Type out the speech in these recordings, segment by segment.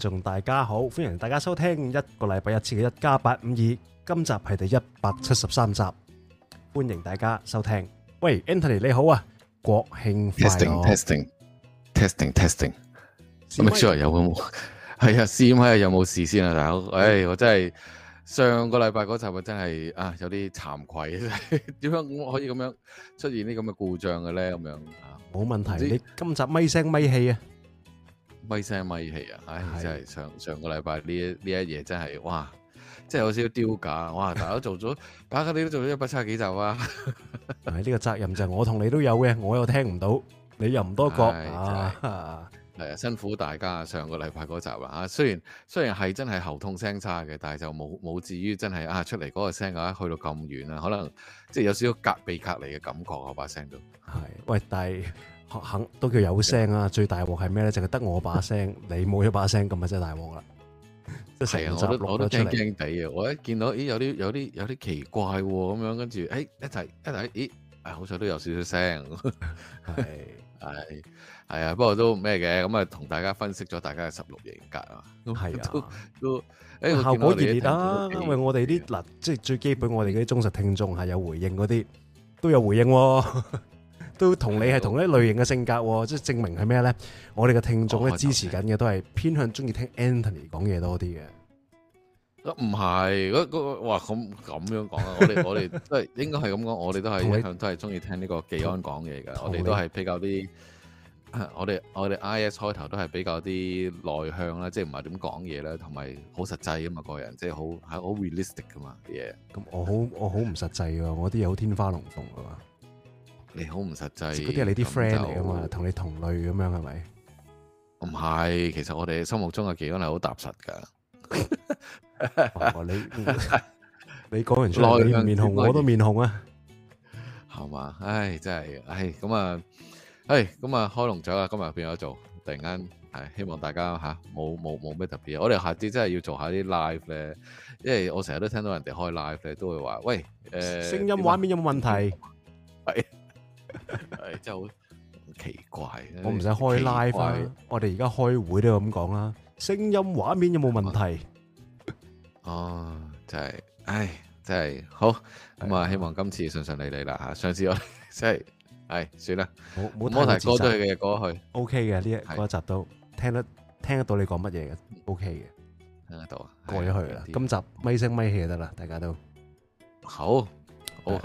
仲大家好，歡迎大家收聽一個禮拜一次嘅一家八五二，今集係第一百七十三集，歡迎大家收聽。喂，Anthony 你好啊，國慶快樂！Testing，testing，testing，testing。咁啊，之後有冇？係啊，試驗下有冇事先啊，大佬。唉，我真係上個禮拜嗰集我真係啊，有啲慚愧啊，點樣我可以咁樣出現啲咁嘅故障嘅咧？咁樣啊，冇問題。你今集咪聲咪氣啊！咪聲咪氣啊！唉、哎，的真係上上個禮拜呢一呢一夜真係哇，真係有少少丟架哇！大家做咗， 大家你都做咗一百七十幾集啊！係 呢個責任就我同你都有嘅，我又聽唔到，你又唔多講的啊！啊，辛苦大家上個禮拜嗰集啦、啊、嚇，雖然雖然係真係喉痛聲差嘅，但係就冇冇至於真係啊出嚟嗰個聲啊，去到咁遠啦，可能即係有少少隔鼻隔離嘅感覺啊，把聲都係喂低。但肯都叫有聲啊！最大鑊係咩咧？淨係得我把聲， 你冇一把聲了，咁啊真係大鑊啦！即係成集攞咗出嚟，驚驚哋啊！我一見到，咦，有啲有啲有啲奇怪咁、啊、樣，跟住，誒、哎，一睇一睇，咦，哎哎、好彩都有少少聲，係係係啊！不過都咩嘅，咁啊，同大家分析咗，大家嘅十六型格啊，係、哎、啊，都誒，效果熱烈啦，因為我哋啲嗱，即係、啊、最基本，我哋嗰啲忠實聽眾係有回應嗰啲，都有回應喎、啊。 都同你係同一類，類型嘅性格，即係的證明係咩咧？我哋嘅聽眾咧支持緊嘅都係偏向中意聽 Anthony 講嘢多啲嘅。唔係，嗰哇咁咁樣講啊！ 我哋我哋都係應該係咁講，我哋都係一向都係中意聽呢個紀安講嘢嘅。我哋都係比較啲，我哋我哋 IS 開頭都係比較啲內向啦，即係唔係點講嘢啦，同埋好實際㗎嘛。個人，即、就、係、是、好係好 realistic 噶嘛。咁、yeah，我好我好唔實際喎，我啲嘢好天花龍鳳㗎嘛。哎、你好唔實際，嗰啲係你啲 friend 嚟啊嘛，同你同類咁樣係咪？唔係、嗯，其實我哋心目中嘅奇安係好踏實噶、 哦。你你講完出嚟， 你面紅 我都面紅啊？係嘛？唉、哎，真係，唉、哎，咁啊，唉、哎，咁啊，開龍嘴啊，今日變咗做，突然間係、哎，希望大家吓冇冇冇咩特別。我哋下次真係要做下啲 live 咧，因為我成日都聽到人哋開 live 咧，都會話喂，誒、呃，聲音畫、啊、面有冇問題？係、 哎。係就好奇怪，我唔使開 live 啦。我哋而家開會都咁講啦，聲音畫面有冇問題？哦，真係，唉，真係好。咁啊，希望今次順順利利啦吓。上次我即係，唉，算啦，冇冇問題，過去嘅過去。O K 嘅呢一嗰一集都聽得聽得到你講乜嘢嘅，O K 嘅聽得到，過咗去啦。今集咪聲咪氣就得啦，大家都好，好，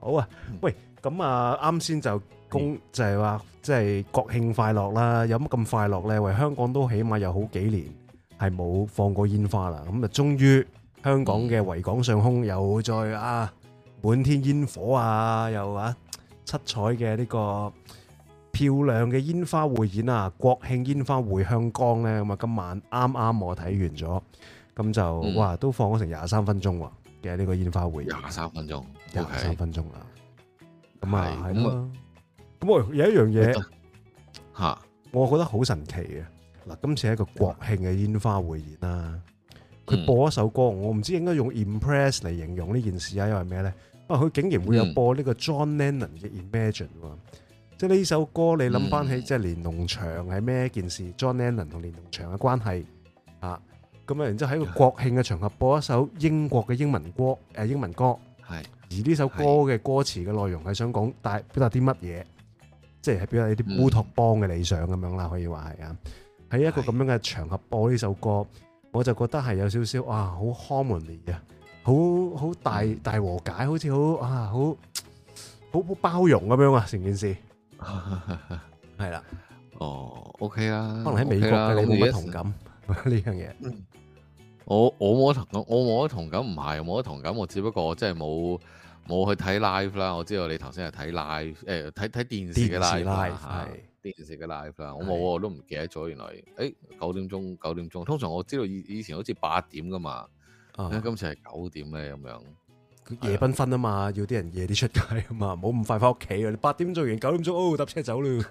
好啊。喂。咁啊！啱先就恭就係話，即係國慶快樂啦！有乜咁快樂呢？為香港都起碼有好幾年係冇放過煙花啦！咁啊，終於香港嘅維港上空又再啊，滿天煙火啊，又啊七彩嘅呢個漂亮嘅煙花匯演啊！國慶煙花回香江呢，咁啊今晚啱啱我睇完咗，咁就哇都放咗成廿三分鐘嘅呢個煙花匯演，廿三分鐘，廿三分鐘啦！咁啊，咁啊，咁啊，有一樣嘢嚇，我覺得好神奇嘅。嗱，今次係一個國慶嘅煙花匯演啦，佢播一首歌，我唔知應該用 impress 嚟形容呢件事啊，因為咩咧？啊，佢竟然會有播呢個 John Lennon 嘅 Imagine 喎，即係呢首歌，你諗翻起即係連儂牆係咩一件事？John Lennon 同連儂牆嘅關係啊，咁啊，然之後喺一個國慶嘅場合播一首英國嘅英文歌，誒英文歌，係。而呢首歌嘅歌詞嘅內容係想講帶表達啲乜嘢，即係表達一啲烏托邦嘅理想咁樣啦，可以話係啊。喺、嗯、一個咁樣嘅場合播呢首歌，我就覺得係有少少啊，好 harmony 嘅，好好大大和解，好似好啊，好好，好包容咁樣啊，成件事係啦。 的哦，OK 啦，可能喺美國你冇乜同感呢樣嘢。我我冇同，我冇得同感，唔係冇得同感，我只不過即係冇。冇去睇 live 啦，我知道你頭先係睇 live，誒睇睇電視嘅 live 啦，係電視嘅 live 啦是，是 live, 我冇，我都唔記得咗，原來誒九點鐘九點鐘，通常我知道以以前好似八點噶嘛，哦、今次係九點咧咁樣，夜繽紛啊嘛，啊要啲人夜啲出街啊嘛，冇咁快翻屋企啊，你八點做完九點鐘，哦，搭車走啦，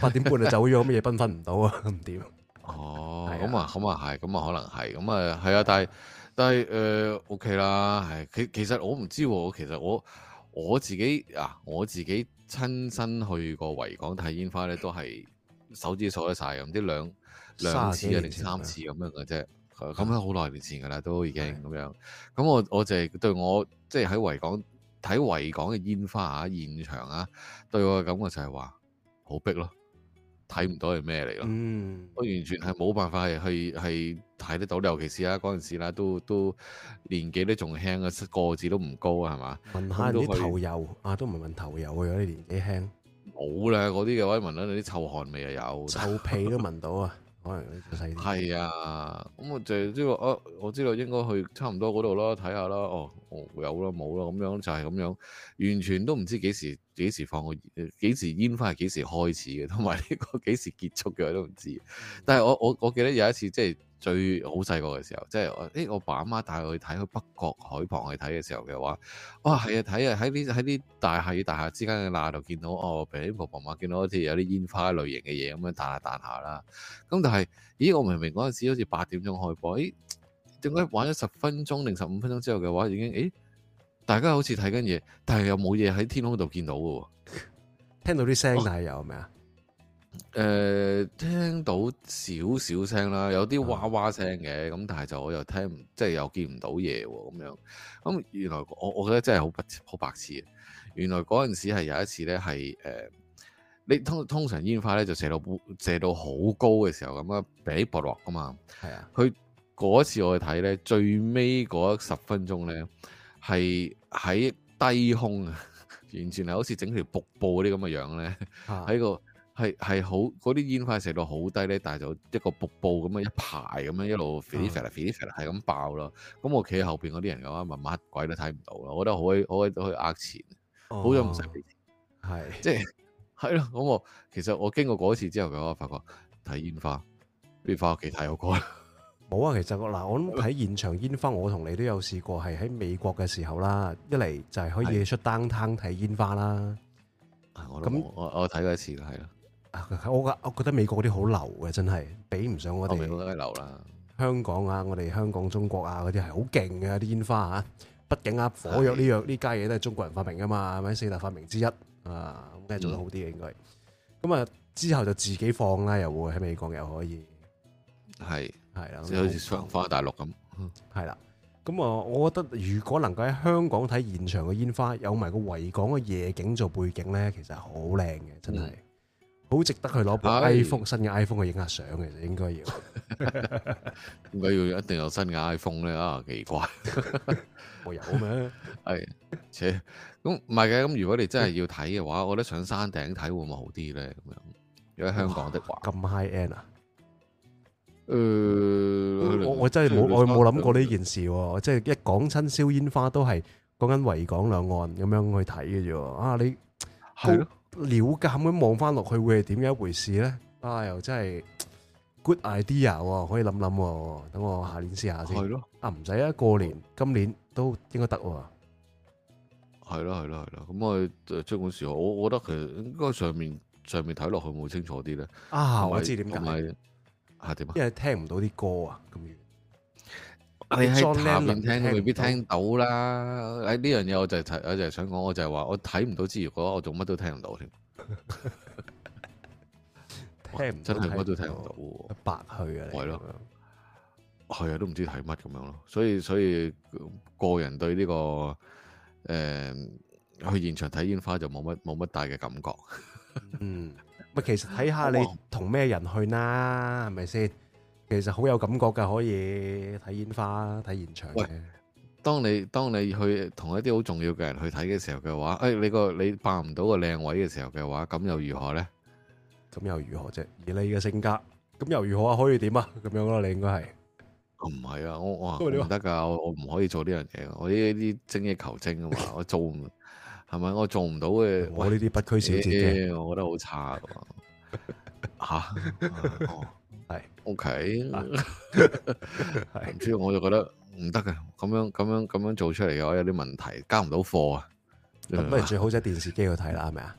八點 半就走咗，咁 夜繽紛唔到啊，唔掂。哦，咁啊，咁啊係，咁啊可能係，咁啊係啊，但係。但係誒、呃、OK 啦，係其其實我唔知喎，其實我不知道、啊、其實我自己啊，我自己親身去過維港睇煙花咧，都係手指數得晒，咁，啲兩兩次啊，定三,三次咁、啊、樣嘅啫。咁係好耐年前噶啦，都已經咁樣。咁的我我就係對我即係喺維港睇維港嘅煙花啊，現場啊，對我嘅感覺就係話好逼咯。睇唔到係咩嚟咯，嗯、我完全係冇辦法去係睇得到，尤其是啊嗰陣時啦，都都年紀都仲輕啊，個子都唔高啊，係嘛？聞下啲頭油啊，都唔係聞頭油啊，有啲年紀輕冇啦，嗰啲嘅可以聞到你啲臭汗味又有，臭屁都聞到啊！ 可能就細啲。係啊，咁我就知道，我、啊、我知道應該去差唔多嗰度啦，睇下啦，哦，有啦，冇啦，咁樣就係、是、咁樣，完全都唔知幾時幾時放嘅，幾時煙花係幾時開始嘅，同埋呢個幾時結束嘅，我都唔知。但係我我我記得有一次即係。就是最好細個嘅時候，即係誒、欸，我爸阿媽帶我去睇去北角海旁去睇嘅時候嘅話，哇，係啊睇啊，喺啲喺啲大廈與大廈之間嘅罅度見到哦，譬如婆婆媽見到好似有啲煙花類型嘅嘢咁樣彈，一彈一下彈下啦。咁但係，咦，我明明嗰陣時好似八點鐘開播，誒、欸，點解玩咗十分鐘定十五分鐘之後嘅話已經誒，大家好似睇緊嘢，但係又冇嘢喺天空度見到嘅喎。聽到啲聲，但係有係咪啊？誒、呃，聽到少少聲啦，有啲哇哇聲嘅，咁的但係就我又聽唔，即係又見唔到嘢咁樣。咁原來我我覺得真係好白好白痴啊！原來嗰陣時係有一次咧，係、呃、誒，你通通常煙花咧就射到射到好高嘅時候咁啊，噼噼落落噶嘛。係啊的，佢嗰次我去睇咧，最尾嗰十分鐘咧，係喺低空啊，完全係好似整條瀑布嗰啲咁嘅樣咧，喺的 個。係係好嗰啲煙花射到好低咧，但係就一個瀑布咁啊，一排咁樣一路飛飛啦飛係咁爆咯。咁、啊嗯、我企喺後邊嗰啲人嘅話，乜鬼都睇唔到咯。我覺得、哦、好閪好閪可以呃錢，好咗唔使俾係即係係咯。咁我、嗯、其實我經過嗰次之後嘅話，我發覺睇煙花不如翻屋企睇好過。冇啊，其實嗱，我諗喺現場煙花，我同你都有試過，係喺美國嘅時候啦。一嚟就係可以夜出登睇煙花啦。咁我我睇過那一次係啦。我我覺得美國嗰啲好流嘅，真係比唔上我哋。美國都係流啦。香港啊，我哋香港、中國啊嗰啲係好勁嘅啲煙花啊。畢竟啊，火藥呢樣呢家嘢都係中國人發明噶嘛，係咪四大發明之一啊？咁梗係做得好啲嘅應該。咁啊，之後就自己放啦，又會喺美國又可以。係係啦，就好似放喺大陸咁。係啦，咁啊，我覺得如果能夠喺香港睇現場嘅煙花，有埋個維港嘅夜景做背景咧，其實好靚嘅，真係。好值得去攞部 iPhone、哎、新嘅 iPhone 去影下相嘅，應該要點解要一定有新嘅 iPhone 咧啊！奇怪， 我有咩？係、哎，切咁唔係嘅。咁如果你真係要睇嘅話，哎、我覺得上山頂睇會唔會好啲咧？咁樣，如果香港的話咁 high end 啊？誒、呃，我真、呃、我真係冇，我冇諗過呢件事、啊。嗯、的即係一講親燒煙花都係講緊維港兩岸咁樣去睇嘅啫。啊，你係咯。好了解咁樣望翻落去會係點樣一回事咧？啊，又真係 good idea 喎，可以諗諗喎。等我下年試下先。係咯，啊唔使啊，過年今年都應該得。係咯係咯係咯，咁我即管試下。我我覺得其實應該上面上面睇落去會清楚啲咧。啊，我知點解。同埋啊，點啊？因為聽唔到啲歌啊，咁遠。你喺下面聽，聽未必聽到啦。誒呢樣嘢，我就係提，我就係想講，我就係話，我睇唔到之餘，嗰我做乜都聽唔到添， 聽唔到真係乜都聽唔到喎，白去啊！係咯，係啊，都唔知睇乜咁樣咯。所以所以個人對呢、呢個誒、呃、去現場睇煙花就冇乜冇乜大嘅感覺。 嗯，咪其實睇下你同咩人去啦，係咪先？是其實好有感覺噶，可以睇煙花，睇現場嘅。當你當你去同一啲好重要嘅人去睇嘅時候嘅話，誒、哎，你個你扮唔到個靚位嘅時候嘅話，咁又如何咧？咁又如何啫？以你嘅性格，咁又如何啊？可以點啊？咁樣咯，你應該係唔係啊？我我唔得噶，我我唔可以做呢樣嘢。我呢啲精益求精啊嘛， 我做係咪？我做唔到嘅。我呢啲不拘小節喂、欸，我覺得好差。吓、 啊？啊啊係，OK，唔知我就覺得唔得嘅，咁樣咁樣咁樣做出嚟嘅話有啲問題，交唔到貨啊。不如最好喺電視機度睇啦，係咪啊？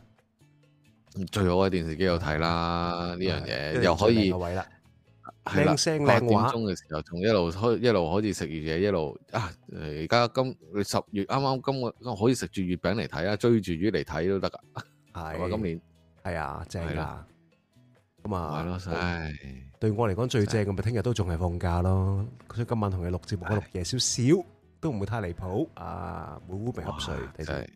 最好喺電視機度睇啦，呢樣嘢又可以位啦。聲聲話，八點鐘嘅時候仲一路開，一路可以食完嘢，一路啊，而家今你十月啱啱今個可以食住月餅嚟睇啊，追住月嚟睇都得噶。係今年，係啊，正啊。咁啊，係對我嚟講最正，咁咪聽日都仲係放假咯。所以今晚同你錄節目，錄夜少少都唔會太離譜啊，唔會烏眉瞌睡。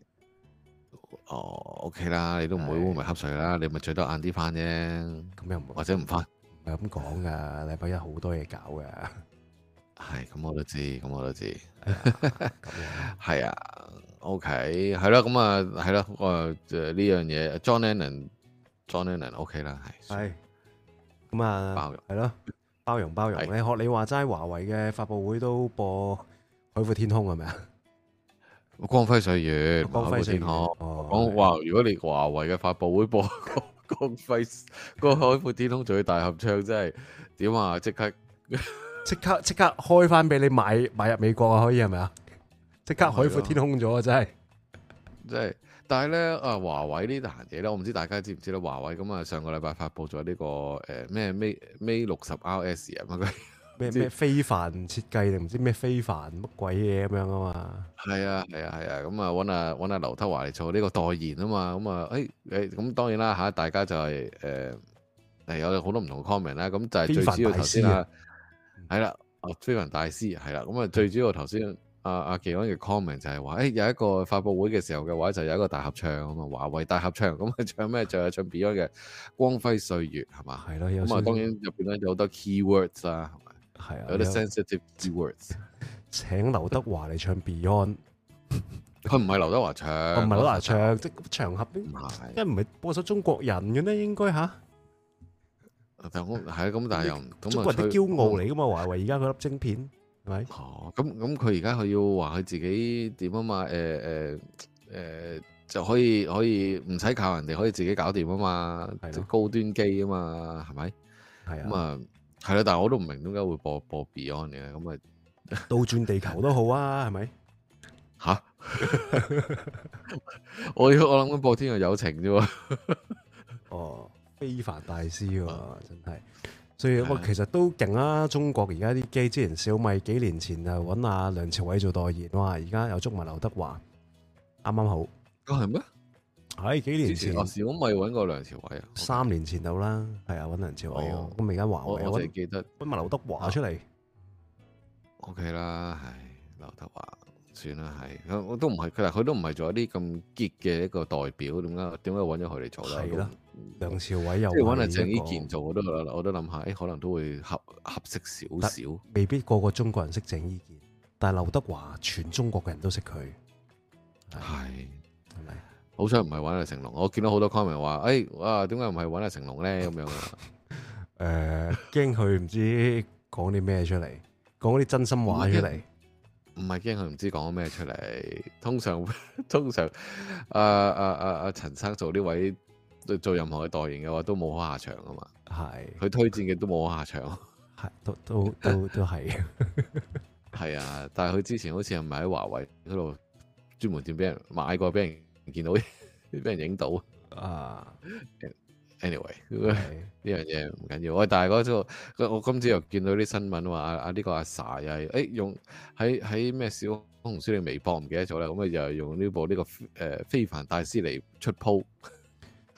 哦，OK 啦，你都唔會烏眉瞌睡啦，你咪最多晏啲翻啫。咁又唔翻，或者唔翻？係咁講噶，禮拜一好多嘢搞噶。係，咁我都知，咁我都知。係啊，OK，係啦，咁啊，係啦，嗰個呢樣嘢，John Lennon。John Lennon OK 啦，係。係，咁啊，包容係咯，包容包容。是你學你話齋，華為嘅發佈會都播海闊天空係咪啊？光輝歲月，光闊天空。講話如果你華為嘅發佈會播《光輝》個海闊天空仲要大合唱，真係點啊？即刻，即 刻，即刻開翻俾你買買入美國啊？可以係咪啊？即刻海闊天空咗啊！真係，係。 但係咧，啊，華為呢單嘢咧，我唔知大家知唔知咧。華為咁啊，上個禮拜發布咗呢、呢個誒咩 Mate Mate 六十 RS 啊，乜鬼咩咩非凡設計定唔知咩非凡乜鬼嘢咁樣啊嘛？係啊，係啊，係啊，咁啊揾啊揾啊劉德華嚟做呢個代言啊嘛，咁啊誒誒，咁、欸欸、當然啦嚇、啊，大家就係誒係有好多唔同嘅 comment 啦，咁、啊、就係最主要頭先啊，係啦、啊，哦，非凡大師係啦，咁啊最主要頭先、嗯。阿阿 b e、啊、y o、啊、n 嘅 comment 就係、是、話，誒、欸、有一個發布會嘅時候嘅話，就有一個大合唱啊嘛，華為大合唱，咁啊唱咩？就啊唱 Beyond 嘅《光輝歲月》，係嘛？係咯，咁啊當然入邊咧有好多 keywords 啦，係咪？係啊的，有啲 sensitive words。請劉德華嚟唱 Beyond，佢唔係 劉德華唱，唔係劉德華唱，即、那個、場合邊？因是為唔係播首中國人嘅咩？應該吓？但係我係咁但係又唔咁啊啲、嗯、驕傲嚟噶嘛，啊、華為而家嗰粒晶片。咁咁佢而家佢要話佢自己點啊嘛，誒誒誒就可以可以唔使靠人哋，可以自己搞掂啊嘛，的高端機啊嘛，係咪？係啊的，咁啊係啦，但係我都唔明點解會播播 Beyond 嘅，咁啊倒轉地球都好啊，係咪？吓，我我諗緊播天佑有情啫喎， 哦，非凡大師喎、啊，真係。所以我其實都勁啦，中國而家啲機，之前小米幾年前就揾阿梁朝偉做代言，哇！而家又捉埋劉德華，啱啱好？啊係咩？係、哎、幾年前，小米揾過梁朝偉啊，三年前到啦，係啊，揾梁朝偉，咁而家華為，我淨係記得揾埋劉德華出嚟。O K 啦，唉，劉德華算啦，係，我都唔係佢，佢都唔係做一啲咁激嘅一個代表，點解點解揾咗佢嚟做咧？的梁朝偉又即係可能鄭伊健做我都啦，我都諗下誒，可能都會合合適少少，未必個個中國人識鄭伊健，但係劉德華全中國嘅人都識佢係係咪？是吧好彩唔係搵阿成龍，我見到好多 comment 話誒，哇，點解唔係搵阿成龍咧？咁樣誒，驚佢唔知講啲咩出嚟，講啲真心話出嚟來，唔係驚佢唔知講咩出嚟，通常通常阿阿阿阿陳生做呢位。做任何嘅代言嘅話，都冇好下場啊嘛。係是，佢推薦嘅都冇好下場。係，都都都都係。係 啊，但係佢之前好似係唔係喺華為嗰度專門店俾人買過，俾人見到，俾人影到啊。Anyway 呢是樣嘢唔緊要。喂，但係嗰、那個我今朝又見到啲新聞話啊啊呢、這個阿 Sa 又係誒、欸、用喺喺咩小紅書定微博唔記得咗啦。咁啊又係用呢部呢個誒非凡大師嚟出鋪。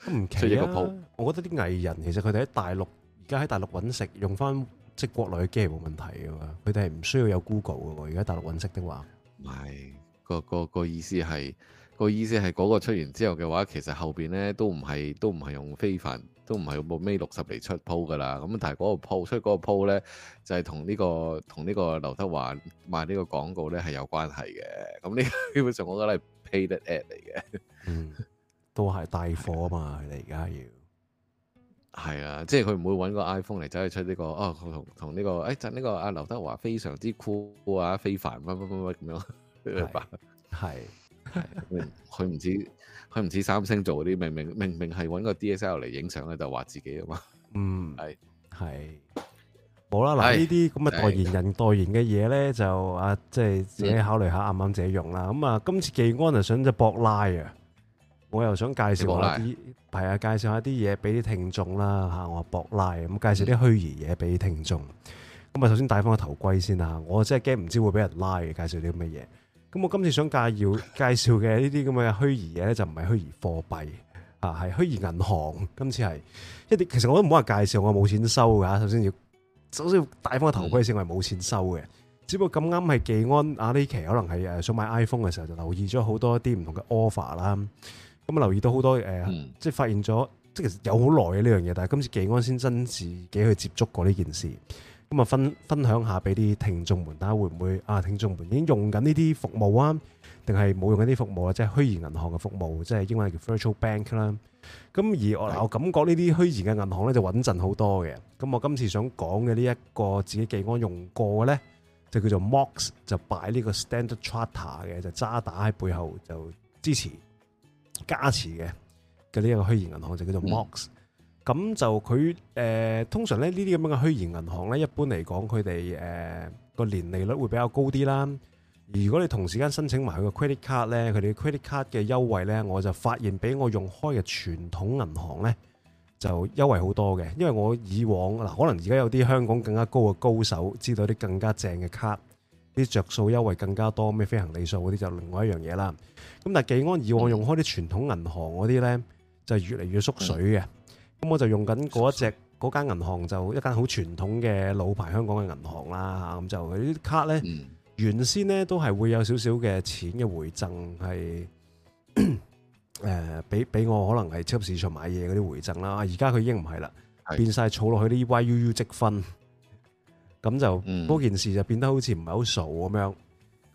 唔奇啊！一個 o，我覺得啲藝人其實佢哋喺大陸而家喺大陸揾食，用翻即係國內嘅機冇問題嘅嘛。佢哋係唔需要有 Google 嘅喎。而家大陸揾食的話，唔係、那個、那個意思係、那個意思係嗰個出完之後嘅話，其實後邊咧都唔係都唔係用非凡，都唔係用部 M 六十嚟出鋪噶啦。咁但係嗰個鋪，所以嗰個鋪咧就係同呢個同呢個劉德華賣呢個廣告咧係有關係嘅。咁呢基本上我覺得係 paid ad 嚟嘅。嗯。都係帶貨啊嘛，你而家要係啊，即係佢唔會揾個 iPhone 嚟，走去出呢、這個哦，同同呢個誒，就、哎、呢、這個阿劉德華非常之酷啊，非凡乜乜乜乜咁樣，係，係，佢唔似佢唔似三星做嗰啲明明明明係揾個 DSL 嚟影相嘅，就話自己啊嘛，嗯，係係，好啦，嗱呢啲咁嘅代言人代言嘅嘢咧，就啊，即係自己考慮下啱唔啱自己用啦。咁唉啊，今次技安啊想就搏拉啊。我又想介紹一啲，係啊，介紹下啲嘢俾啲聽眾啦嚇。我博拉咁介紹啲虛擬嘢俾啲聽眾。咁啊，首先戴翻個頭盔先啦！我真係驚唔知會俾人拉嘅介紹啲咩嘢。咁我今次想介紹介紹嘅呢啲咁嘅虛擬嘢咧，就唔係虛擬貨幣啊，係虛擬銀行。今次係一啲，其實我都唔好話介紹，我冇錢收噶。首先要，首先要戴翻個頭盔先，我係冇錢收嘅。只不過咁啱係記安阿呢期，可能係誒想買 iPhone 嘅時候，就留意咗好多一啲唔同嘅 offer 啦。咁啊，留意到好多誒、呃，即係發現咗，即係其實有好耐嘅呢樣嘢，但係今次技安先真自己去接觸過呢件事，咁啊，分分享下俾啲聽眾們，睇下會唔會啊，聽眾們已經用緊呢啲服務啊，定係冇用緊啲服務，即係虛擬銀行嘅服務，即係英文叫 Virtual Bank 啦。咁而我的我感覺呢啲虛擬嘅銀行咧就穩陣好多嘅。咁我今次想講嘅呢一個自己技安用過嘅咧，就叫做 Mox，就擺呢個 Standard Charter 嘅，就渣打喺背後就支持。加持嘅嘅呢一個虛擬銀行就叫做 Mox，咁就佢誒、呃、通常咧呢啲咁樣嘅虛擬銀行咧，一般嚟講佢哋誒個年利率會比較高啲啦。如果你同時間申請埋佢個 credit card 咧，佢哋 credit card 嘅優惠咧，我就發現比我用開嘅傳統銀行咧就優惠好多嘅，因為我以往嗱，可能而家有啲香港更加高嘅高手知道啲更加正嘅 card。啲着數優惠更加多，咩飛行里數嗰啲就另外一樣嘢啦。咁但係幾安以往用開啲傳統銀行嗰啲咧，嗯、就越嚟越縮水嘅。咁、嗯嗯、我就用緊嗰隻嗰間銀行，就一間好傳統嘅老牌香港嘅銀行啦。咁就佢啲卡咧，嗯、原先咧都係會有少少嘅錢嘅回贈係誒，俾俾、呃、我可能係超級市場買嘢嗰啲回贈啦。而家佢已經唔係啦，變晒儲落去啲 YUU 積分。咁就嗰件事就變得好似唔係好傻咁樣，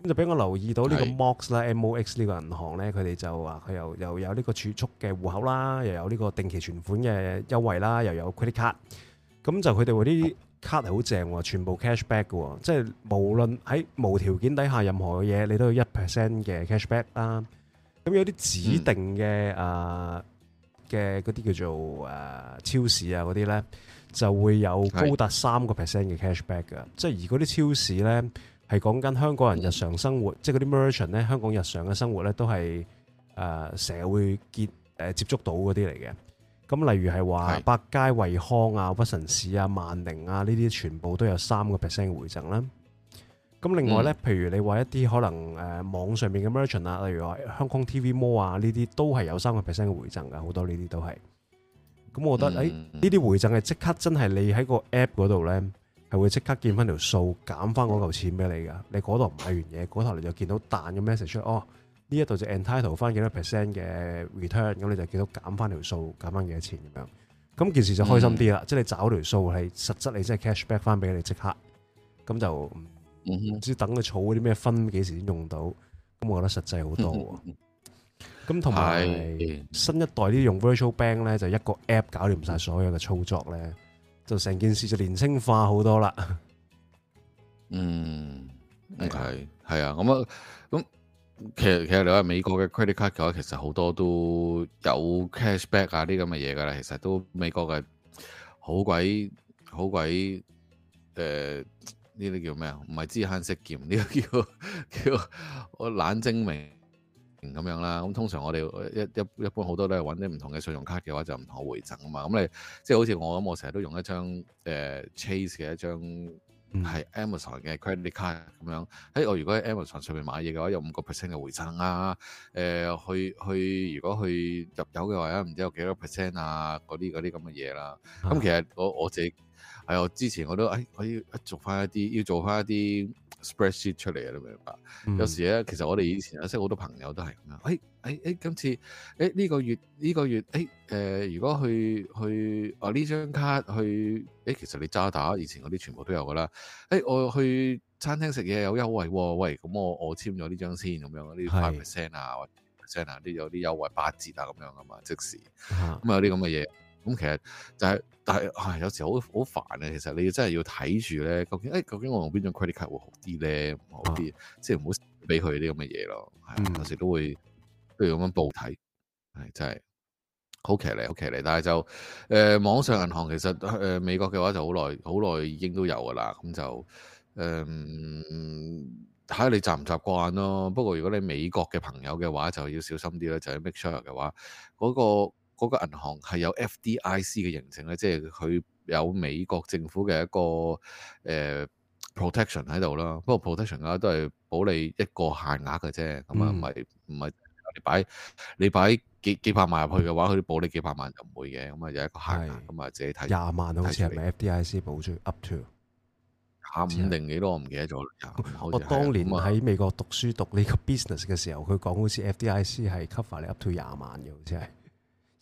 咁就俾我留意到呢個 MOX，是個呢個 MOX 啦，MOX 呢個銀行咧，佢哋就話佢又又有呢個儲蓄嘅戶口啦，又有呢個定期存款嘅優惠啦，又有 credit card。咁就佢哋嗰啲 card 好正喎，全部 cash back 嘅，即係無論喺無條件底下任何嘅嘢，你都要一 percent 嘅 cash back 啦。咁有啲指定嘅嘅嗰啲叫做、啊、超市啊嗰啲咧。就會有高達三個 percent 嘅 cashback 嘅，即係是而嗰啲超市呢，係講緊香港人日常生活，嗯、即係嗰啲 merchant 咧，香港日常嘅生活呢，都係誒成日會結接、呃、接觸到嗰啲嚟嘅。咁例如係話是百佳、惠康啊、屈臣氏啊、萬寧啊呢啲，呢啲全部都有三個 percent 回贈啦。咁另外呢，嗯、譬如你話一啲可能誒、呃、網上面嘅 merchant 啊，例如話香港 TV Mall 啊呢啲，都係有三個 percent 嘅回贈噶，好多呢啲都係。咁我覺得，誒呢啲回贈係即刻真係你喺個 app 嗰度咧，係會即刻見翻條數減翻嗰嚿錢俾你㗎。你嗰度買完嘢，嗰頭你就見到彈個 message 出，哦呢一度就 entitle 翻幾多 percent 嘅 return，咁你就見到減翻條數，減翻幾多錢咁樣。咁件事就開心啲啦。Mm hmm. 即係你找條數係實質，你真係 cashback 翻俾你即刻。咁就唔知等佢儲嗰啲咩分幾時先用到。咁我覺得實際好多喎。 咁同埋新一代啲用 virtual bank 咧，就一個 app 搞掂晒所有嘅操作咧，就成件事就年輕化好多啦。嗯，係係啊，咁啊，咁其實其實你話美國嘅 credit card 嘅話，其實好多都有 cash back 啊啲咁嘅嘢噶啦，其實都美國嘅好鬼好鬼誒呢啲叫咩啊？唔係知慳識儉，呢個叫叫我懶精明。咁樣啦，咁通常我哋一一一般好多都係揾啲唔同嘅信用卡嘅話就唔同嘅回贈啊嘛，咁你即係、就是、好似我咁，我成日都用一張誒、呃、Chase 嘅一張係 Amazon 嘅 credit card 咁樣，喺、欸、我如果喺 Amazon 上面買嘢嘅話有五個 percent 嘅回贈啊，誒、呃、去去如果去入油嘅話唔知有幾多 percent 啊，嗰啲嗰啲咁嘅嘢啦，咁其實我我自己係、欸、我之前我都誒、欸、我要做翻一啲要做翻一啲。spread 出嚟啊！你明白？嗯、有時咧，其實我哋以前有識好多朋友都係咁樣啊！誒誒誒，今次誒呢、欸這個月呢、這個月誒誒、欸呃，如果去去啊呢張卡去誒、欸，其實你渣打以前嗰啲全部都有噶啦。誒、欸，我去餐廳食嘢有優惠喎，喂！咁我我簽咗呢張先，咁樣嗰啲 five percent 啊，percent 啊，啲有啲優惠八折啊，咁樣噶嘛，即時咁啊，嗯、有啲咁嘅嘢。咁其實就係、是，但係啊，有時好好煩啊。其實你真係要睇住咧，究竟誒、哎，究竟我用邊種 credit card 會好啲咧，好啲，即係唔好俾佢啲咁嘅嘢咯。係、嗯、有時都會不如咁樣報睇，係真係好騎離，好騎離。但係就誒、呃，網上銀行其實誒、呃、美國嘅話就好耐，好耐已經都有噶啦。咁就誒睇下你習唔習慣咯。不過如果你美國嘅朋友嘅話，就要小心啲咧。就係 make sure 嘅話，嗰、那個。嗰個銀行係有 FDIC 嘅形成，咧，即係佢有美國政府嘅一個誒、呃、protection 喺度啦。不過 protection 啊，都係保你一個限額嘅啫。咁啊、嗯，唔係唔係你擺你擺幾幾百萬入去嘅話，佢保你幾百萬就唔會嘅。咁啊，有一個限額，咁啊是自己睇。廿萬好似係咪 FDIC 保住 up to 廿五定幾多，多我？我唔記得咗。我當年喺美國讀書讀呢個 business 嘅時候，佢講好似 FDIC 係 cover 你 up to 廿萬嘅，好似係。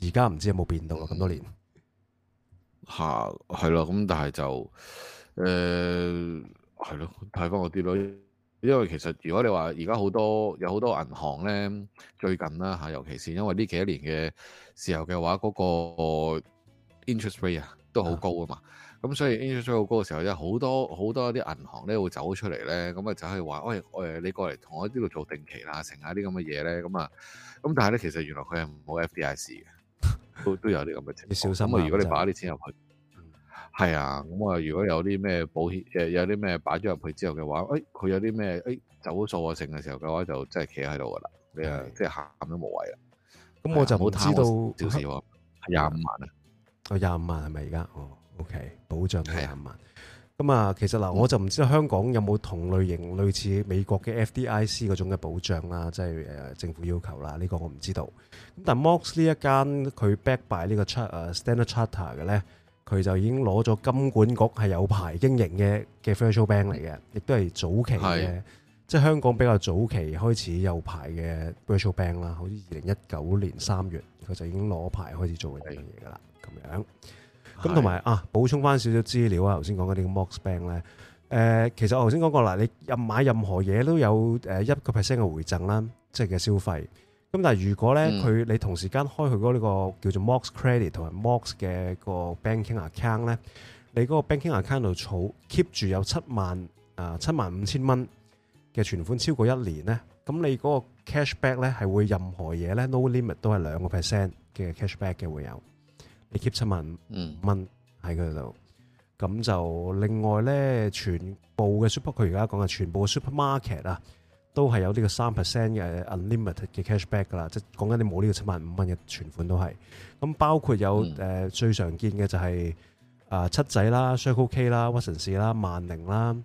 而家唔知有冇變動啦？咁多年嚇係啦，咁、啊、但係就誒係咯，睇翻嗰啲咯，因為其實如果你話而家好多有好多銀行咧，最近啦、啊、嚇，尤其是因為呢幾年嘅時候嘅話，嗰、嗰個 interest rate 啊都好高啊嘛，咁、啊、所以 interest rate 好高嘅時候咧，好多好多啲銀行咧會走出嚟咧，咁啊就去話喂，誒，你過嚟同我呢度做定期啦，成下啲咁嘅嘢咧，咁啊咁，但係咧其實原來佢係冇 F D I C 嘅。都都有啲咁嘅情況，你小心啊，如果你擺啲錢入去，係、就是、啊，咁啊如果有啲咩保險，誒有啲咩擺咗入去之後嘅話，誒、哎、佢有啲咩誒走咗數啊成嘅時候嘅話，就真係企喺度㗎喇，的你、嗯、啊即係喊都無謂啦。咁我就冇知道少少，廿五萬啊，啊廿五萬係咪而家？哦，OK，保障係廿五萬。咁啊，其實嗱，我就唔知道香港有冇同類型類似美國嘅 FDIC 嗰種嘅保障啦，即係政府要求啦，呢個我唔知道。但係 Mox 呢一間佢 back by 呢個 ch 誒 Standard Charter 嘅呢，佢就已經攞咗金管局係有牌經營嘅嘅 virtual bank 嚟嘅，亦都係早期嘅，是即係香港比較早期開始有牌嘅 virtual bank 啦。好似二零一九年三月，佢就已經攞牌開始做嘅呢樣嘢噶啦，咁樣。咁同埋啊，補充翻少少資料啊，頭先講嗰啲 Mox Bank 咧、呃，其實我頭先講過啦，你任買任何嘢都有誒一個 percent 嘅回贈啦，即係嘅消費。咁但係如果咧佢、嗯、你同時間開佢嗰呢個叫做 Mox Credit 同埋 Mox 嘅個 Banking Account 咧，你嗰個 Banking Account 度儲 keep 住有七萬啊、呃、七萬五千蚊嘅存款超過一年咧，咁你嗰個 Cashback 咧係會任何嘢咧 No Limit 都係兩個 percent 嘅 Cashback 嘅會有。你 keep 七萬五蚊喺佢度，咁就另外咧，全部嘅 super 佢而家講嘅全部 supermarket 啊，都係有呢個三 percent 嘅 unlimited 嘅 cashback 噶啦，即係講緊你冇呢個七萬五蚊嘅存款都係。咁包括有誒、嗯呃、最常見嘅就係、是、啊、呃、七仔啦、Circle K 啦、屈臣氏啦、萬寧啦，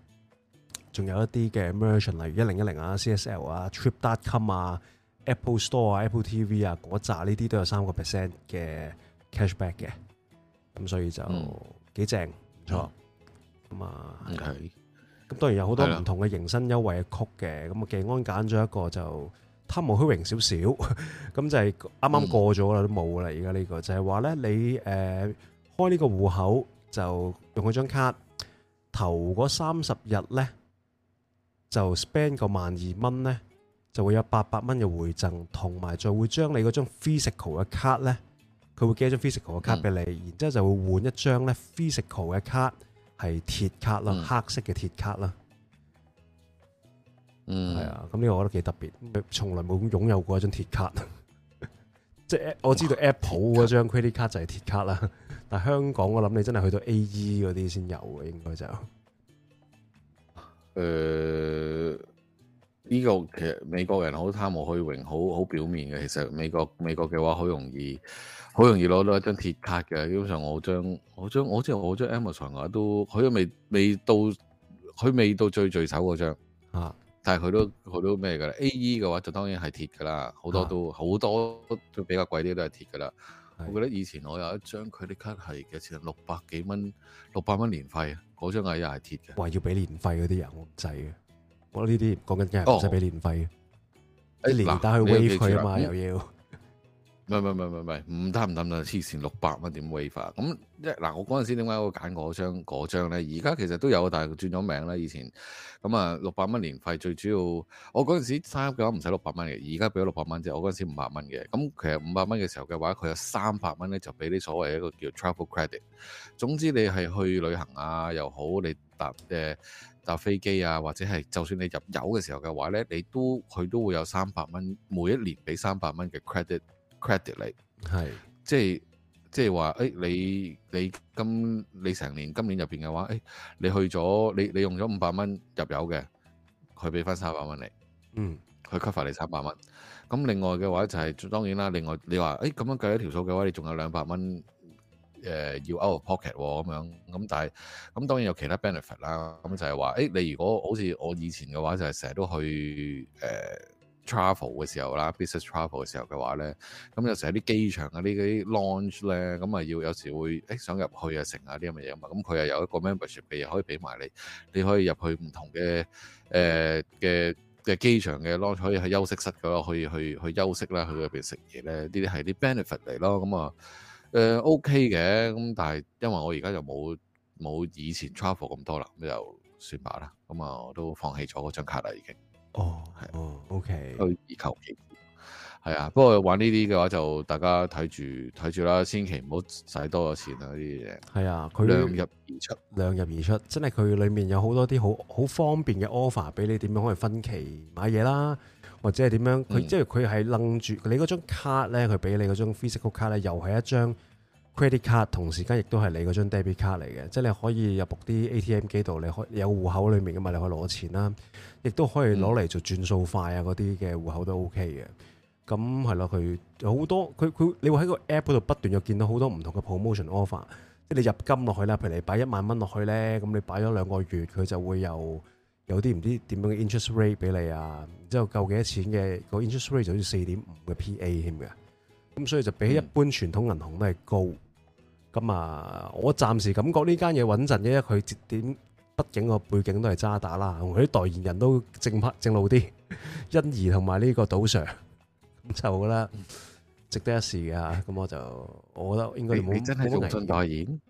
仲有一啲嘅 merchandise 例如一零一零啊、CSL 啊、Trip.com 啊、Apple Store 啊、Apple TV 啊嗰扎，呢啲都有三個 percent 嘅。cashback 嘅，咁所以就幾正，唔錯，咁啊，咁當然有好多唔同嘅迎新優惠嘅曲嘅，咁啊了，敬安揀咗一個就貪慕虛榮少少，咁 就係啱啱過咗啦，嗯、都冇啦，而家呢個就係話咧，你、呃、誒開呢個戶口就用嗰張卡，頭嗰三十日咧就 spend 個萬二蚊咧，就會有八百蚊嘅回贈，同埋就會將你嗰張 physical 嘅卡咧。佢會寄一張 physical 嘅卡俾你，嗯、然之後就會換一張咧 physical 嘅卡，係鐵卡啦，嗯、黑色嘅鐵卡啦。嗯，係啊，咁、這、呢個我覺得幾特別，佢從來冇擁有，有過一張鐵卡。即 係我知道 Apple 嗰張 credit card 就係鐵卡啦，卡但係香港我諗你真係去到 AE 嗰啲先有嘅，應該就。誒、呃、呢、這個其實美國人好貪慕虛榮，好好表面嘅。其實美國美國嘅話好容易。好容易攞到一張鐵卡嘅，基本上我張我張我即係我張 Amazon 嘅話都佢都未未到佢未到最最首嗰張啊，但係佢都佢都咩㗎啦，A E 嘅話就當然係鐵㗎啦，好多都好、啊、多都比較貴啲都係鐵㗎啦。啊、我覺得以前我有一張佢啲卡係嘅，前六百幾蚊六百蚊年費啊，嗰張嘅又係鐵嘅，話要俾年費嗰啲人我唔制嘅。我覺得呢啲講緊嘅唔使俾年費嘅，一年帶去威 a 佢啊嘛、嗯、又要、嗯。唔係，唔係，唔係，唔係，唔得，唔得，唔得，黐線，六百蚊，點威法？咁，嗱，我嗰陣時點解我會揀嗰張嗰張咧？而家其實都有，但係佢轉咗名啦。以前咁啊，六百蚊年費最主要，我嗰陣時三級嘅話唔使六百蚊嘅，600元而家俾咗六百蚊啫。我嗰陣時五百蚊嘅，咁其實五百蚊嘅時候嘅話，佢有三百蚊咧，就俾你所謂一個叫 travel credit。總之你係去旅行啊又好，你搭誒搭飛機啊，或者係就算你入油嘅時候嘅話咧，你都佢都會有三百蚊，每一年俾三百蚊嘅 credit。credit 嚟係是即係即係、欸、話，誒你你今你成年今年入邊嘅話，誒你去咗你你用咗五百蚊入油嘅，佢俾翻三百蚊你，嗯，佢 cover 你三百蚊。咁另外嘅話就係、是、當然啦，另外你話誒咁樣計一條數嘅話，你仲有兩百蚊誒要 out of pocket 喎、啊、咁樣。咁但係咁當然有其他 benefit 啦。咁就係話誒你如果好似我以前嘅話，就係成日都去誒。呃 travel 嘅時候啦，business travel 嘅時候嘅話咧，咁有時喺啲機場啊、呢啲 lounge 咧，咁啊要有時會誒、欸、想入去啊食下啲咁嘅嘢嘛，咁佢又有一個 membership 嘅可以俾埋你，你可以入去唔同嘅誒嘅嘅機場嘅 lounge 可以去休息室嗰度可以去去，去休息啦，去入邊食嘢咧，呢啲係啲 benefit 嚟咯，咁啊誒 OK 嘅，咁但係因為我而家就冇冇以前 travel 咁多啦，咁就算罷啦，咁啊我都放棄咗嗰張卡啦已經。哦，係的，哦，OK，所以求其，係啊。不過玩呢啲嘅話，就大家睇住睇住啦，千祈唔好使多咗錢啊。呢啲嘢係啊，佢量入而出，量入而出，真係佢裏面有好多啲好好方便嘅 offer 俾你，點樣可以分期買嘢啦，或者係點樣，佢、嗯、即係佢係楞住你嗰張卡咧，佢俾你嗰張 physical 卡咧，又係一張。credit card 同時間亦都係你嗰張 debit 卡嚟嘅，即係你可以入僕啲 ATM 機度，你可有戶口裏面嘅嘛？你可以攞錢啦，亦都可以攞嚟做轉數快啊嗰啲嘅戶口都 OK 嘅。咁係咯，佢好多佢佢你會喺個 app 度不斷又見到好多唔同嘅 promotion offer，即係你入金落去啦，譬如你擺一萬蚊落去咧，咁你擺咗兩個月，佢就會有有啲唔知點樣嘅 interest rate 俾你啊。然之後夠幾多錢嘅個 interest rate 就好似四點五嘅 PA 添嘅，咁所以就比起一般傳統銀行都係高。咁啊，我暫時感覺呢間嘢穩陣嘅，佢點？畢竟個背景都係渣打啦，同佢啲代言人都正拍正路啲，欣宜同埋呢個賭 Sir，就啦，值得一試嘅嚇。咁我就，我覺得應該冇冇做代言。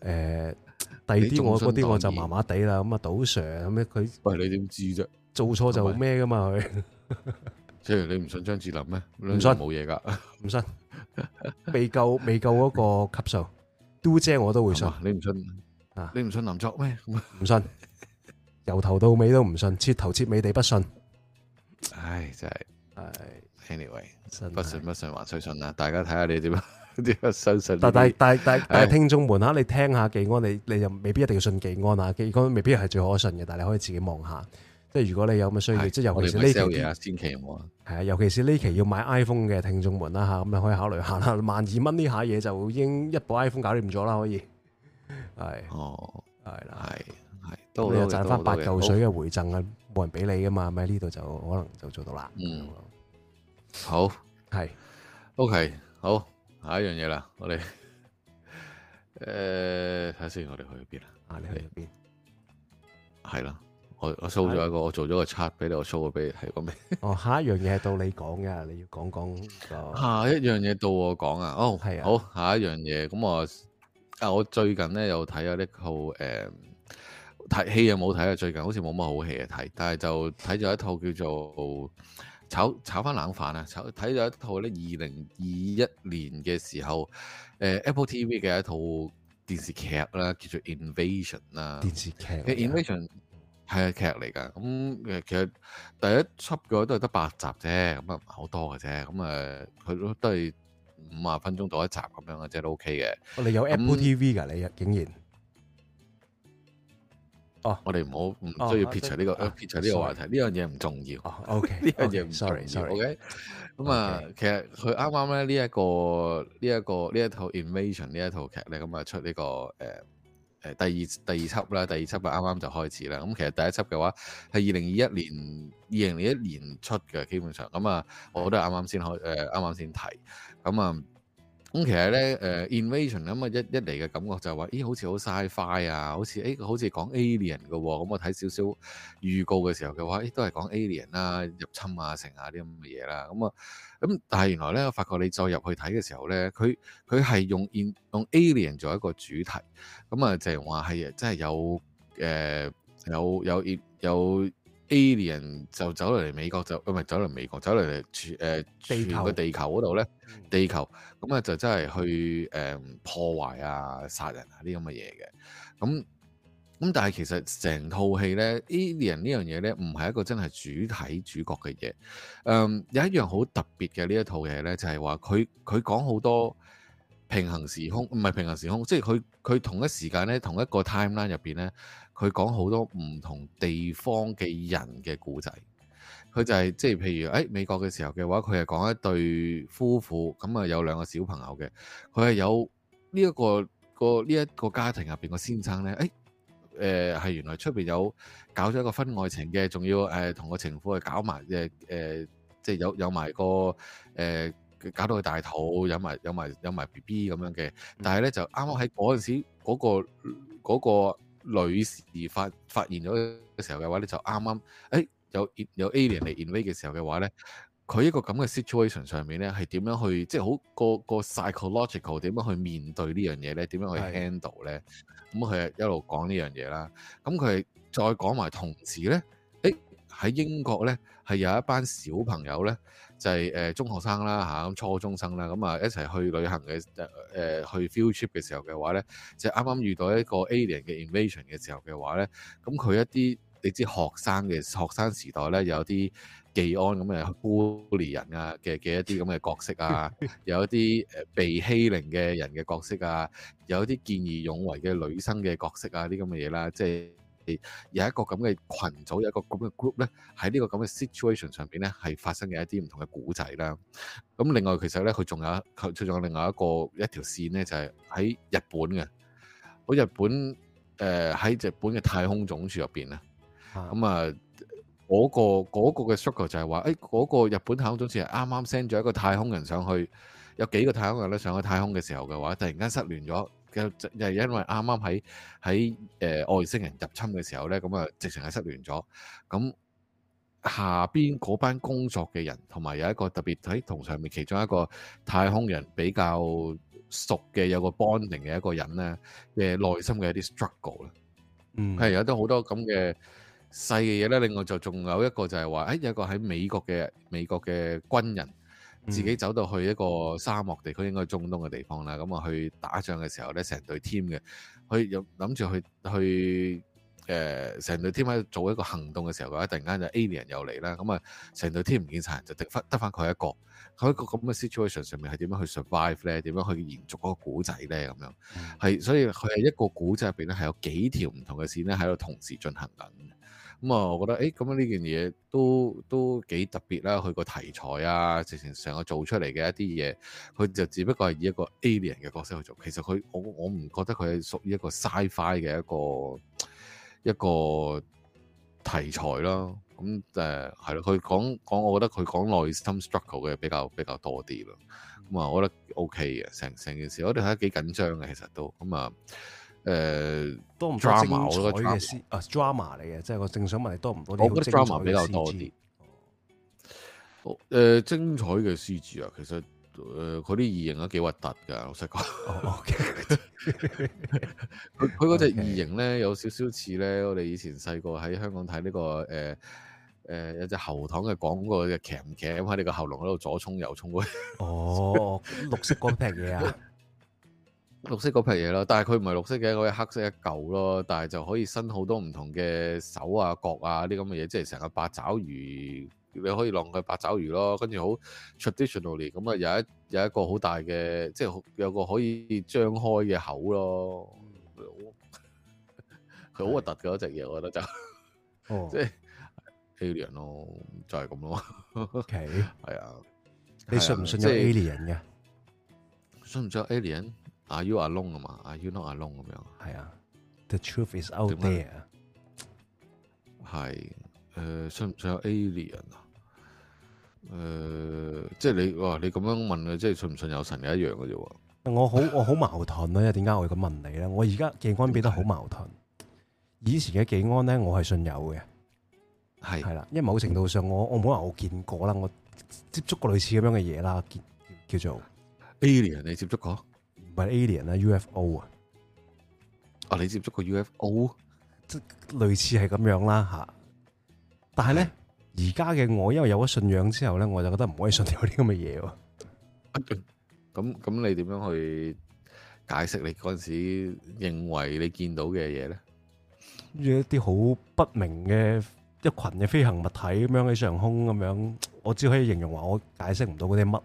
誒，第二啲我嗰啲我就麻麻地啦。咁啊，賭 Sir 咁咧，佢喂你點知啫？做錯就咩㗎嘛？佢即係你唔信張智霖咩？唔信冇嘢㗎，唔信。未夠未夠嗰個級數，都啫，我都會信。你唔信啊？你唔信林作咩？唔信，由頭到尾都唔信，徹頭徹尾地不信。唉，真係。anyway，不信不信還相信啦、啊。大家睇下你點樣點樣相信，信但。但係但係但係的聽眾們啊，你聽下紀安，你你又未必一定要信紀安啊。紀安未必係最可信嘅，但係你可以自己望下。即係如果你有咁嘅需要，即係尤其是呢期千祈啊，係啊，尤其是呢期要買 iPhone 嘅聽眾們啦吓，咁你可以考慮下啦，萬二蚊呢下嘢，就已經一部 iPhone 搞掂咗啦，可以係哦，係啦，係係，你又賺翻八嚿水嘅回贈啊，冇人俾你㗎嘛，咪呢度就可能就做到啦。嗯，好，係，OK，好，下一樣嘢啦，我哋誒睇下先，我哋去咗邊啊？啊，你去咗邊？係啦。我我 show 咗一個，我做咗個測俾你，我 show 咗俾你睇個咩？ 哦，下一樣嘢係到你講嘅，你要講講、那個、下一樣嘢到我講、oh, 啊！哦，係啊，好下一樣嘢，咁啊，啊我最近咧又睇咗呢套誒，睇、嗯、戲又冇睇啊，最近好似冇乜好戲嘅睇，但係就睇咗一套叫做炒炒翻冷飯啊，睇咗一套咧二零二一年嘅時候，誒、呃、Apple TV 嘅一套電視劇啦，叫做 Invasion 啦。電視劇嘅 Invasion。係啊，劇嚟噶，咁其實第一輯嘅話都係得八集啫，咁啊唔係好多嘅啫，咁啊佢都都係五啊分鐘到一集咁樣嘅，啫，都 O K 嘅。我哋有 Apple TV 噶，你竟然？哦，我哋唔好唔需要撇除呢個，撇除呢個話題，呢樣嘢唔重要。O K，呢樣嘢唔重要。O K，咁啊，其實佢啱啱咧呢一個呢一個呢一套 Invasion 呢一套劇咧，咁啊出呢個誒。誒第二第二輯啦，第二輯啊啱啱就開始啦。咁其實第一輯嘅話係二零二一年，二零二一年出嘅，基本上咁啊，我都係啱啱先開誒，啱啱先睇咁啊。咁、嗯嗯、其實咧誒、呃、Invasion 咁啊，一一嚟嘅感覺就係、啊啊、話，咦，好似好 Sci-Fi 啊，好似誒好似講 alien 嘅喎。咁我睇少少預告嘅時候嘅話，誒都係講 alien 啦，入侵啊成啊啲咁嘅嘢啦。咁啊。嗯。咁但係原來咧，我發覺你再入去睇嘅時候咧，佢佢係用 in, 用 alien 做一個主題，咁啊就係話係真係有誒、呃、有有有 alien 就走嚟美國就唔係走嚟美國走嚟嚟全誒、呃、地球嗰度咧，地球咁啊、嗯、就真係去誒、呃、破壞啊殺人啊呢啲咁嘅嘢嘅，咁。咁但係其實成套戲呢，Alien 呢樣嘢呢，唔係一個真係主體主角嘅嘢。嗯、um，有一樣好特別嘅呢一套嘢呢，就係話佢佢講好多平行時空唔係平行時空，即係佢佢同一時間呢，同一個 timeline 入邊呢，佢講好多唔同地方嘅人嘅故仔。佢就係即係譬如誒、哎、美國嘅時候嘅話，佢係講一對夫婦咁啊，有兩個小朋友嘅。佢係有呢、這、一個個呢一個家庭入邊個先生呢。誒、哎。誒係、呃、原來出邊有搞咗一個婚外情嘅，仲要誒同、呃、個情婦去搞埋誒誒，即係有有埋個誒、呃、搞到佢大肚，有埋有埋有埋 B B 咁樣嘅。但係咧就啱啱喺嗰陣時嗰、嗰個嗰個女士發發現咗嘅時候嘅話咧，就啱啱誒有有 alien 嚟 invade 嘅時候嘅話咧。佢一個咁嘅 situation 上面咧，係點樣去即係好個個 psychological 點樣去面對去呢樣嘢咧？點樣去 handle 咧？咁佢係一路講呢樣嘢啦。咁佢係再講埋同時咧，誒喺英國咧係有一班小朋友咧，就係誒中學生啦咁初中生啦，咁啊一齊去旅行嘅去 field trip 嘅時候嘅話咧，就啱啱遇到一個 alien 嘅 invasion 嘅時候嘅話咧，咁佢一啲你知學生嘅學生時代咧有啲，技安咁嘅孤立人啊嘅嘅一啲咁嘅角色啊，有一啲誒被欺凌嘅人嘅角色啊，有一啲見義勇為嘅女生嘅角色啊，啲咁嘅嘢啦，即係有一個咁嘅群組，有一個咁嘅 group 咧，喺呢個咁嘅 situation 上邊咧，係發生嘅一啲唔同嘅古仔啦。咁另外其實咧，佢仲有佢仲有另外一個一條線咧，就係、是、喺日本嘅，好，日本誒喺、呃、日本嘅太空總署入邊咧，咁、嗯、啊。嗰個嗰個嘅 struggle 就係話，誒，嗰個日本太空總署係啱啱 send 咗一個太空人上去，有幾個太空人咧上去太空嘅時候嘅話，突然間失聯咗，又又係因為啱啱喺喺誒外星人入侵嘅時候咧，咁啊直情係失聯咗。咁下邊嗰班工作嘅人，同埋有一個特別喺同上面其中一個太空人比較熟嘅，有個 bonding 嘅一個人咧嘅內心嘅一啲 struggle 啦。嗯，係有都好多咁嘅。細嘅嘢咧，另外就仲有一個就係話，誒、欸、有一個喺美國嘅美國嘅軍人，自己走到去一個沙漠地區，應該係中東嘅地方啦。咁、嗯、啊，嗯嗯、去打仗嘅時候咧，成隊 team 嘅，去又諗住去去誒，成、呃、隊 team 喺做一個行動嘅時候，突然間就 alien 又嚟啦。咁、嗯、啊，成、嗯嗯、隊 team 唔見曬人，就得翻得翻佢一個。佢一個咁嘅 situation 上面係點樣去 survive 咧？點樣去延續嗰個古仔咧？咁樣係所以佢係一個古仔入邊咧，係有幾條唔同嘅線咧喺度同時進行緊。咁啊，我覺得誒，咁樣呢件嘢都都幾特別啦。佢個題材啊，直情成個做出嚟嘅一啲嘢，佢就只不過係以一個 alien 嘅角色去做。其實佢我我唔覺得佢係屬於一個 sci-fi 嘅一個一個題材啦。咁誒係咯，佢、呃、講講我覺得佢講內心 struggle 嘅比較比較多啲咯。咁啊，我覺得，St 的我覺得 OK 嘅，成成件事我哋睇得幾緊張嘅，其實都咁啊。誒，多唔 drama 我嘅詩？啊，drama 嚟嘅，即係我正想問你多唔多啲好精彩嘅詩句？哦，誒，精彩嘅詩句啊，其實誒，佢啲異形都幾核突噶，老實講。哦，OK。佢佢嗰隻異形咧，有少少似咧，我哋以前細個喺香港睇呢個誒誒，有隻喉糖嘅廣告嘅鉗鉗喺你個喉嚨嗰度左衝右衝哦，綠色嗰撇嘢啊！綠色嗰批嘢咯，但係佢唔係綠色嘅，係黑色一嚿咯，但係就可以伸好多唔同嘅手啊、角啊啲咁嘅嘢，即係成個八爪魚，你可以當佢八爪魚咯。跟住好 traditionally 咁啊，有一有一個好大嘅，即係有個可以張開嘅口咯。佢好核突㗎，一隻嘢我覺得就哦，oh. 即係 alien 咯，就係、是、咁咯。係啊 Okay. 的，你信唔信有即有 alien 嘅？信唔信 alien？Are you alone 啊嘛？Are you not alone 咁樣、啊？係啊，The truth is out there。係，誒，信唔信有 alien 啊、呃？誒，即係你，哇！你咁樣問嘅，即係信唔信有神一樣嘅啫。我好，我好矛盾啊，因 為點解我咁問你咧？我而家寄安變得好矛盾。Okay. 以前嘅寄安咧，我係信有嘅，係係啦。因為某程度上我，我我唔好話，我見過啦，我接觸過類似咁樣嘅嘢啦，叫叫做 alien，你接觸過？唔係 Alien 啦，UFO 啊！啊、哦，你接觸過 UFO，即類似係咁樣啦嚇。但係咧，而家嘅我因為有咗信仰之後咧，我就覺得唔可以信住啲咁嘅嘢喎。咁咁，你點樣去解釋你嗰陣時認為你見到嘅嘢咧？一啲好不明嘅一群嘅飛行物體咁樣喺上空咁樣，我只可以形容話，我解釋唔到嗰啲乜。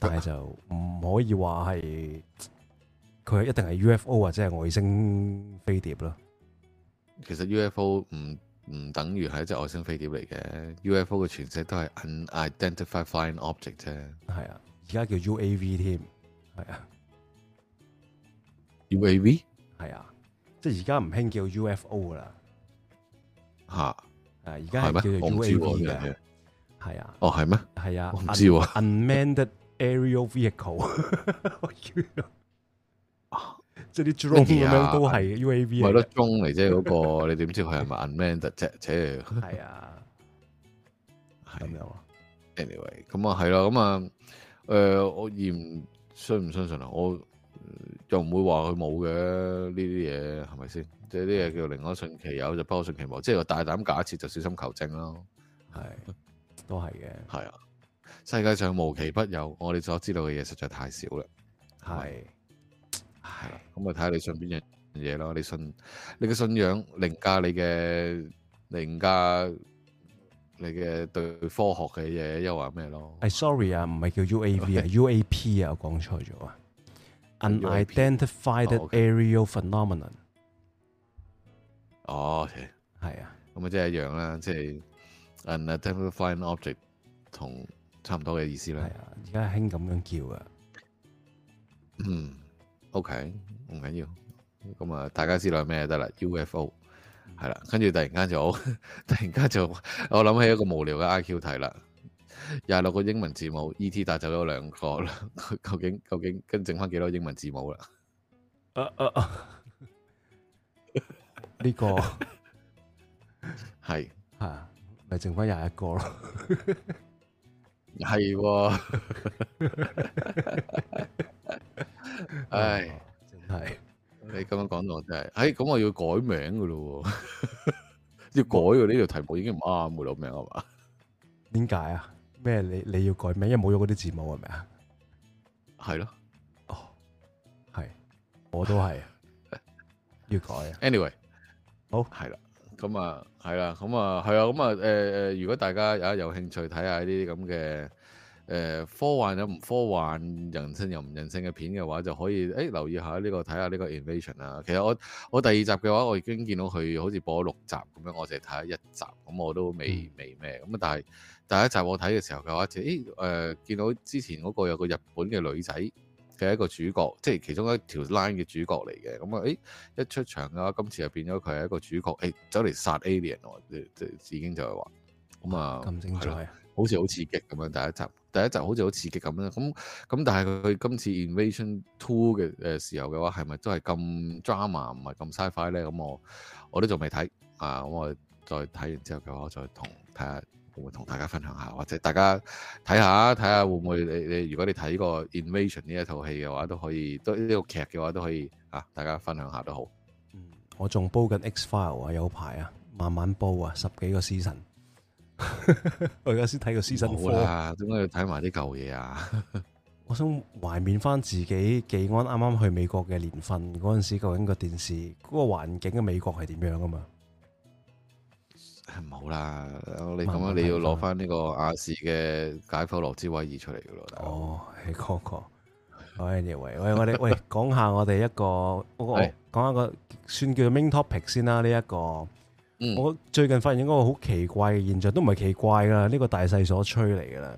但係就唔可以話係佢一定係 UFO 或者係外星飛碟咯。其實 UFO 唔唔等於係一隻外星飛碟嚟嘅。UFO 嘅全稱都係 unidentified flying object 啫。係啊，而家叫 UAV 添。係啊，UAV。係啊，即係而家唔興叫 UFO 啦。吓，誒，而家係咩？我唔知嘅。係啊。哦，係咩？係啊，我唔知喎。manne Aerial vehicle，即係啲 drone 啊，都係 UAV 係咯，鐘嚟啫嗰個，你點知佢係咪 unmanned 啫？啫係啊，係咁樣。Anyway，咁啊係啦，咁啊，誒，我信信唔相信啊？我又唔會話佢冇嘅呢啲嘢，係咪先？即係啲嘢叫寧可信其有，就不可信其無，即係大膽假設，就小心求證咯。係，都係嘅，係啊。世界上無奇不有，我哋所知道嘅嘢實在太少啦。係係啦，咁啊睇下你信邊樣嘢咯。你信你嘅信仰凌駕你嘅凌駕你嘅對科學嘅嘢，又話咩咯？係 sorry v, 啊，唔係叫 UAV 啊，UAP 啊，我講錯咗啊。Unidentified aerial phenomenon。哦，係啊，咁啊即係一樣啦，即係 unidentified object 同。差唔多嘅意思啦，而家興咁樣叫啊。嗯，OK，唔緊要。咁啊，大家知道咩得啦？UFO 係啦，跟住突然間就，好，突然間就，我諗起一個無聊嘅 IQ 題啦。廿六個英文字母，E.T. 帶走咗兩個啦，究竟究竟跟剩翻幾多英文字母啦？呢、啊啊啊呢個係係咪剩翻廿一個咯？ 係，唉，真係你咁樣講我真係，哎，咁我要改名噶咯，要改個呢條題目已經唔啱噶啦，名係嘛？點解啊？咩？你你要改名，因為冇咗嗰啲字母係咪啊？係咯，哦，係，我都係啊要改啊，anyway，好，係啦。咁啊，係啦，咁啊，係啊，咁啊，誒誒、啊呃，如果大家有有興趣睇下呢啲咁嘅誒科幻有唔科幻人性又唔人性嘅片嘅話，就可以誒留意一下呢、呢個睇下呢個 Invasion 啊。其實我我第二集嘅話，我已經見到佢好似播咗六集咁樣，我淨係睇一集，咁我都未未咩咁啊。但係第一集我睇嘅時候嘅話，就誒見到之前嗰個有個日本嘅女仔。佢係一個主角，即係其中一條 line 嘅主角嚟嘅。咁啊，誒一出場嘅話，今次就變咗佢係一個主角，誒走嚟殺 Alien，即即已經就係話咁啊，咁精彩，好似好刺激咁樣。第一集，第一集好似好刺激咁樣。咁咁，但係佢今次 Invasion Two 嘅誒時候嘅話，係咪都係咁 drama，唔係咁 sci-fi 咧？咁我我都仲未睇啊咁，我再睇完之後嘅話，再同睇下。同大家分享下，或者大家睇下睇下會唔會你你如果你睇過 Invasion 呢一套戲嘅話，都可以都呢套劇嘅話都可以啊，大家分享下都好。嗯，我仲煲緊 X File 啊，有排啊，慢慢煲啊，十幾個 season。我而家先睇個 season，好啦，點解要睇埋啲舊嘢啊？ 我想懷緬返自己紀安啱啱去美國嘅年份嗰陣時，究竟個電視嗰、嗰個環境嘅美國係點樣啊？嘛？唔好啦，你咁啊，慢慢你要攞翻呢個亞視嘅解剖羅之威而出嚟噶咯。哦，係嗰、那個。Anyway，喂， 喂，喂，喂，我哋喂，講下我哋一個，講、 哦、下、那個算叫 main topic 先啦。呢、這、一個，嗯、我最近發現一個好奇怪嘅現象，都唔係奇怪噶，呢、這個大勢所趨嚟噶啦。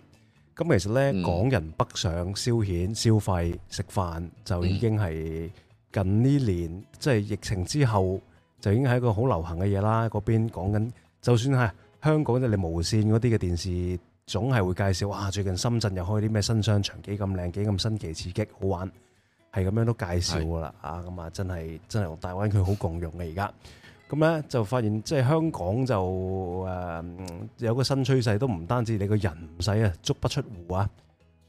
咁、嗯、其實咧，港人北上消遣、嗯、消費、食飯，就已經係近呢年，嗯、即係疫情之後，就已經係一個好流行嘅嘢啦。嗰邊講緊。就算係香港咧，你無線嗰啲嘅電視總係會介紹，啊，最近深圳又開啲咩新商場，幾咁靚，幾咁新奇，刺激，好玩，係咁樣都介紹噶啦，啊是，咁啊，真係真係同大灣區好共用嘅。而家咁咧就發現，即係香港就誒、呃、有個新趨勢，都唔單止你個人唔使啊，足不，不出戶啊，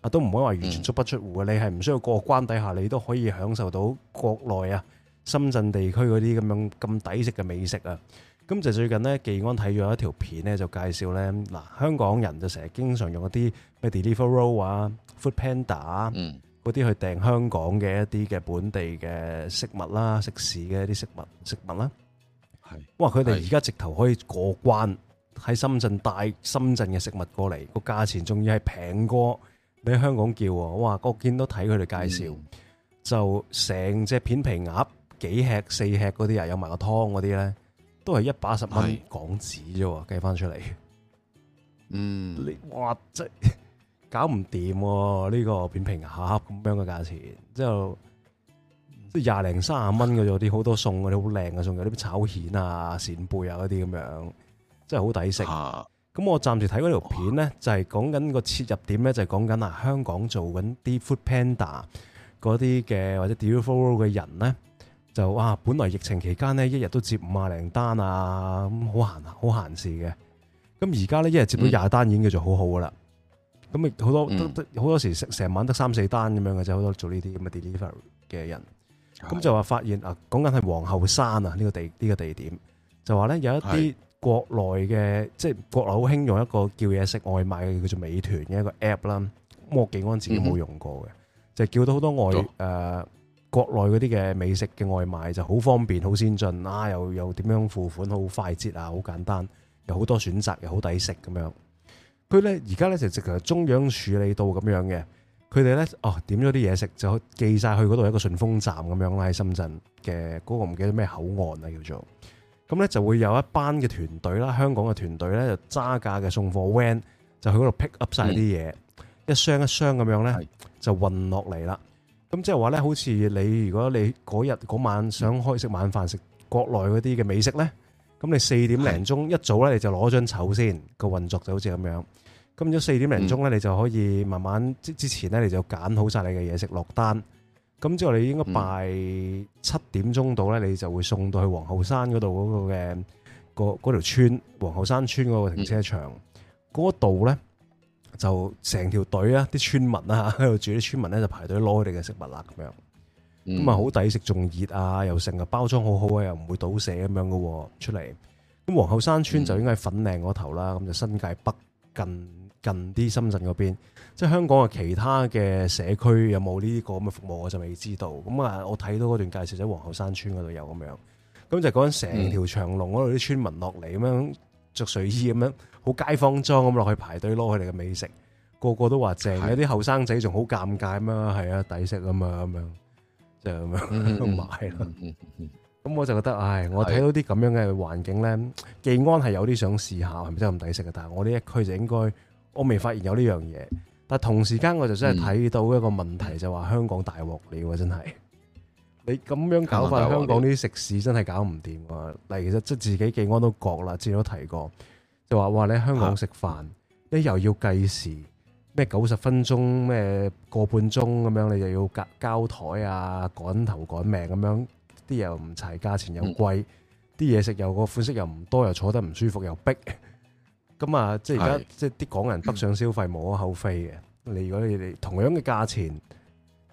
啊都唔可以話完全足不出戶嘅，你係唔需要過關底下，你都可以享受到國內啊深圳地區嗰啲咁樣咁抵食嘅美食啊。咁就最近咧，技安睇咗一條片咧，就介紹咧，嗱，香港人就成日經常用一啲咩 Deliveroo 啊、Foodpanda 啊嗰啲去訂香港嘅一啲嘅本地嘅食物啦、食肆嘅一啲食物食物啦。係，哇！佢哋而家直頭可以過關喺深圳帶深圳嘅食物過嚟，個價錢仲要係平過你喺香港叫喎。哇！我見到睇佢哋介紹，就成隻片皮鴨幾吃四吃嗰啲啊，有埋個湯嗰啲咧。都係一百一十蚊港紙啫喎，計翻出嚟。嗯，你哇，真搞唔掂喎！呢、這個扁平盒咁樣嘅價錢，之後即係廿零卅蚊嘅咗啲，好多餸啊，啲好靚嘅餸，有啲炒蜆啊、扇貝啊嗰啲咁樣，真係好抵食。咁、啊、我暫時睇嗰條片咧，就係講緊個切入點咧，就係講緊啊，香港做緊啲 Food Panda 嗰啲嘅或者 Deliveroo 嘅人咧。就哇、啊！本來疫情期間呢，一日都接五十零單啊，咁好閒啊，好閒事嘅。咁而家呢，一日接到廿單已經叫做好好噶啦。咁亦好多好多時成晚得三四單咁樣嘅，就好多做呢啲咁嘅 delivery 嘅人，咁就話發現啊，講緊係皇后山啊呢、呢個地呢、呢個、地點，就話呢有一啲國內嘅的即係國內好興用一個叫嘢食外賣嘅叫做美團嘅一個 app 啦。咁我幾安自己冇用過嘅，嗯、哼就叫到好多外誒。呃國內嗰啲嘅美食嘅外賣就好方便、好先進啊！又又點樣付款好快捷啊、好簡單，又好多選擇，又好抵食咁樣。佢咧而家咧就直頭中央處理到咁樣嘅，佢哋咧哦點咗啲嘢食就寄晒去嗰度一個順豐站咁樣啦，喺深圳嘅嗰、嗰個唔記得咩口岸啦、啊、叫做。咁咧就會有一班嘅團隊啦，香港嘅團隊咧就揸架嘅送貨 van 就去嗰度 pick up 晒啲嘢，嗯、一箱一箱咁樣咧是就運落嚟啦。咁即係話咧，好似你如果你嗰日嗰晚想開食晚飯食國內嗰啲嘅美食咧，咁你四點零鐘一早咧，你就攞張籌先個運作就好似咁樣。咁咗四點零鐘咧，你就可以慢慢即之前咧，你就揀好晒你嘅嘢食落單。咁之後你應該拜七點鐘到咧，你就會送到去皇后山嗰度嗰個嘅個嗰條村皇后山村嗰個停車場嗰度咧。就成條隊啊！啲村民啊，喺度住啲村民咧、啊，就排隊攞佢哋嘅食物啦，咁樣咁啊，好抵食，仲熱啊，又成日包裝好好、啊、嘅，又唔會倒瀉咁樣㗎喎、啊、出嚟。咁皇后山村就應該係粉嶺嗰頭啦，咁就新界北近近啲深圳嗰邊。即係香港嘅其他嘅社區有冇呢個咁嘅服務，我就未知道。咁啊，我睇到嗰段介紹喺皇后山村嗰度有咁樣，咁就講成條長龍嗰度啲村民落嚟咁樣着睡衣咁樣。好街坊裝咁落去排隊攞佢哋嘅美食，個個都話正，嗯、有啲後生仔仲好尷尬咁啊，係啊，抵食啊嘛咁樣，就咁樣買咯。咁 我就覺得，唉，我睇到啲咁樣嘅環境咧，記安係有啲想試下，係咪真係咁抵食啊？但係我呢一區就應該，我未發現有呢樣嘢。但同時間我就真係睇到一個問題，嗯、就話香港大鑊料啊，真係你咁樣搞法，香港啲食肆真係搞唔掂啊！嗱，其實即自己記安都覺啦，之前都提過。就話話你香港食飯，啊、你又要計時，咩九十分鐘，咩個半鐘咁樣，你又要交交枱啊，趕頭趕命咁樣，啲嘢又唔齊，價錢又貴，啲嘢、嗯、食又個款式又唔多，又坐得唔舒服又逼。咁 啊，即係而家即係啲港人北上消費無可厚非嘅。嗯、你如果你哋同樣嘅價錢，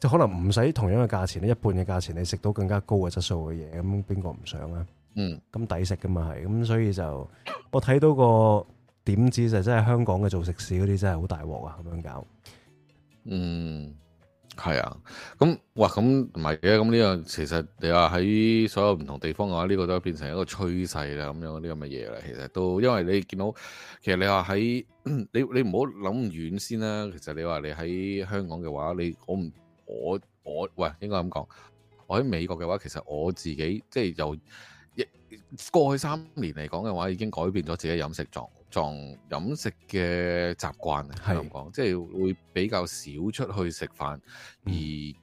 就可能唔使同樣嘅價錢，一半嘅價錢你食到更加高嘅質素嘅嘢，咁邊個唔想啊？嗯，咁抵食噶嘛，係咁，所以就我睇到個點知，就真係香港嘅做食肆嗰啲真係好大鑊啊，咁樣搞，嗯，係啊，咁，哇，咁唔係嘅，咁呢樣其實你話喺所有唔同地方嘅話，呢個都變成一個趨勢啦，咁樣啲咁嘅嘢啦，其實都，因為你見到其實你話喺你你唔好諗咁遠先啦。其實你話你喺香港嘅話，你我唔我我喂應該咁講，我喺美國嘅話，其實我自己即係又。過去三年嚟講嘅話，已經改變咗自己飲食狀狀飲食嘅習慣啊，係咁講，是即係會比較少出去食飯，嗯、而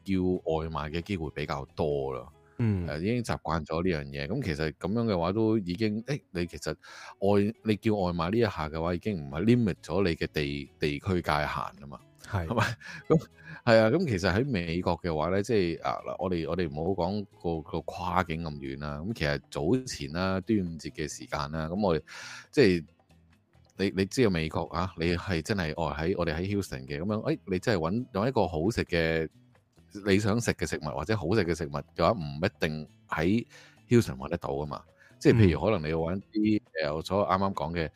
叫外賣嘅機會比較多咯。嗯、啊，已經習慣咗呢樣嘢，咁其實咁樣嘅話都已經，誒、欸、你其實外你叫外賣呢一下嘅話，已經唔係 limit 咗你嘅地地區界限啊嘛，係係咪咁？ 係啊，咁其實喺美國嘅話咧，即係啊嗱，我哋我哋唔好講個個跨境咁遠啦。咁其實早前啦，端午節嘅時間咧，咁我哋即係你你知道美國啊，你係真係、哦、我喺我哋喺 Houston 嘅咁樣，誒、欸、你真係揾用一個好食嘅你想食嘅食物或者好食嘅食物嘅話，唔一定喺 Houston 揾得到㗎嘛。即係譬如可能你要揾啲誒我所啱啱講嘅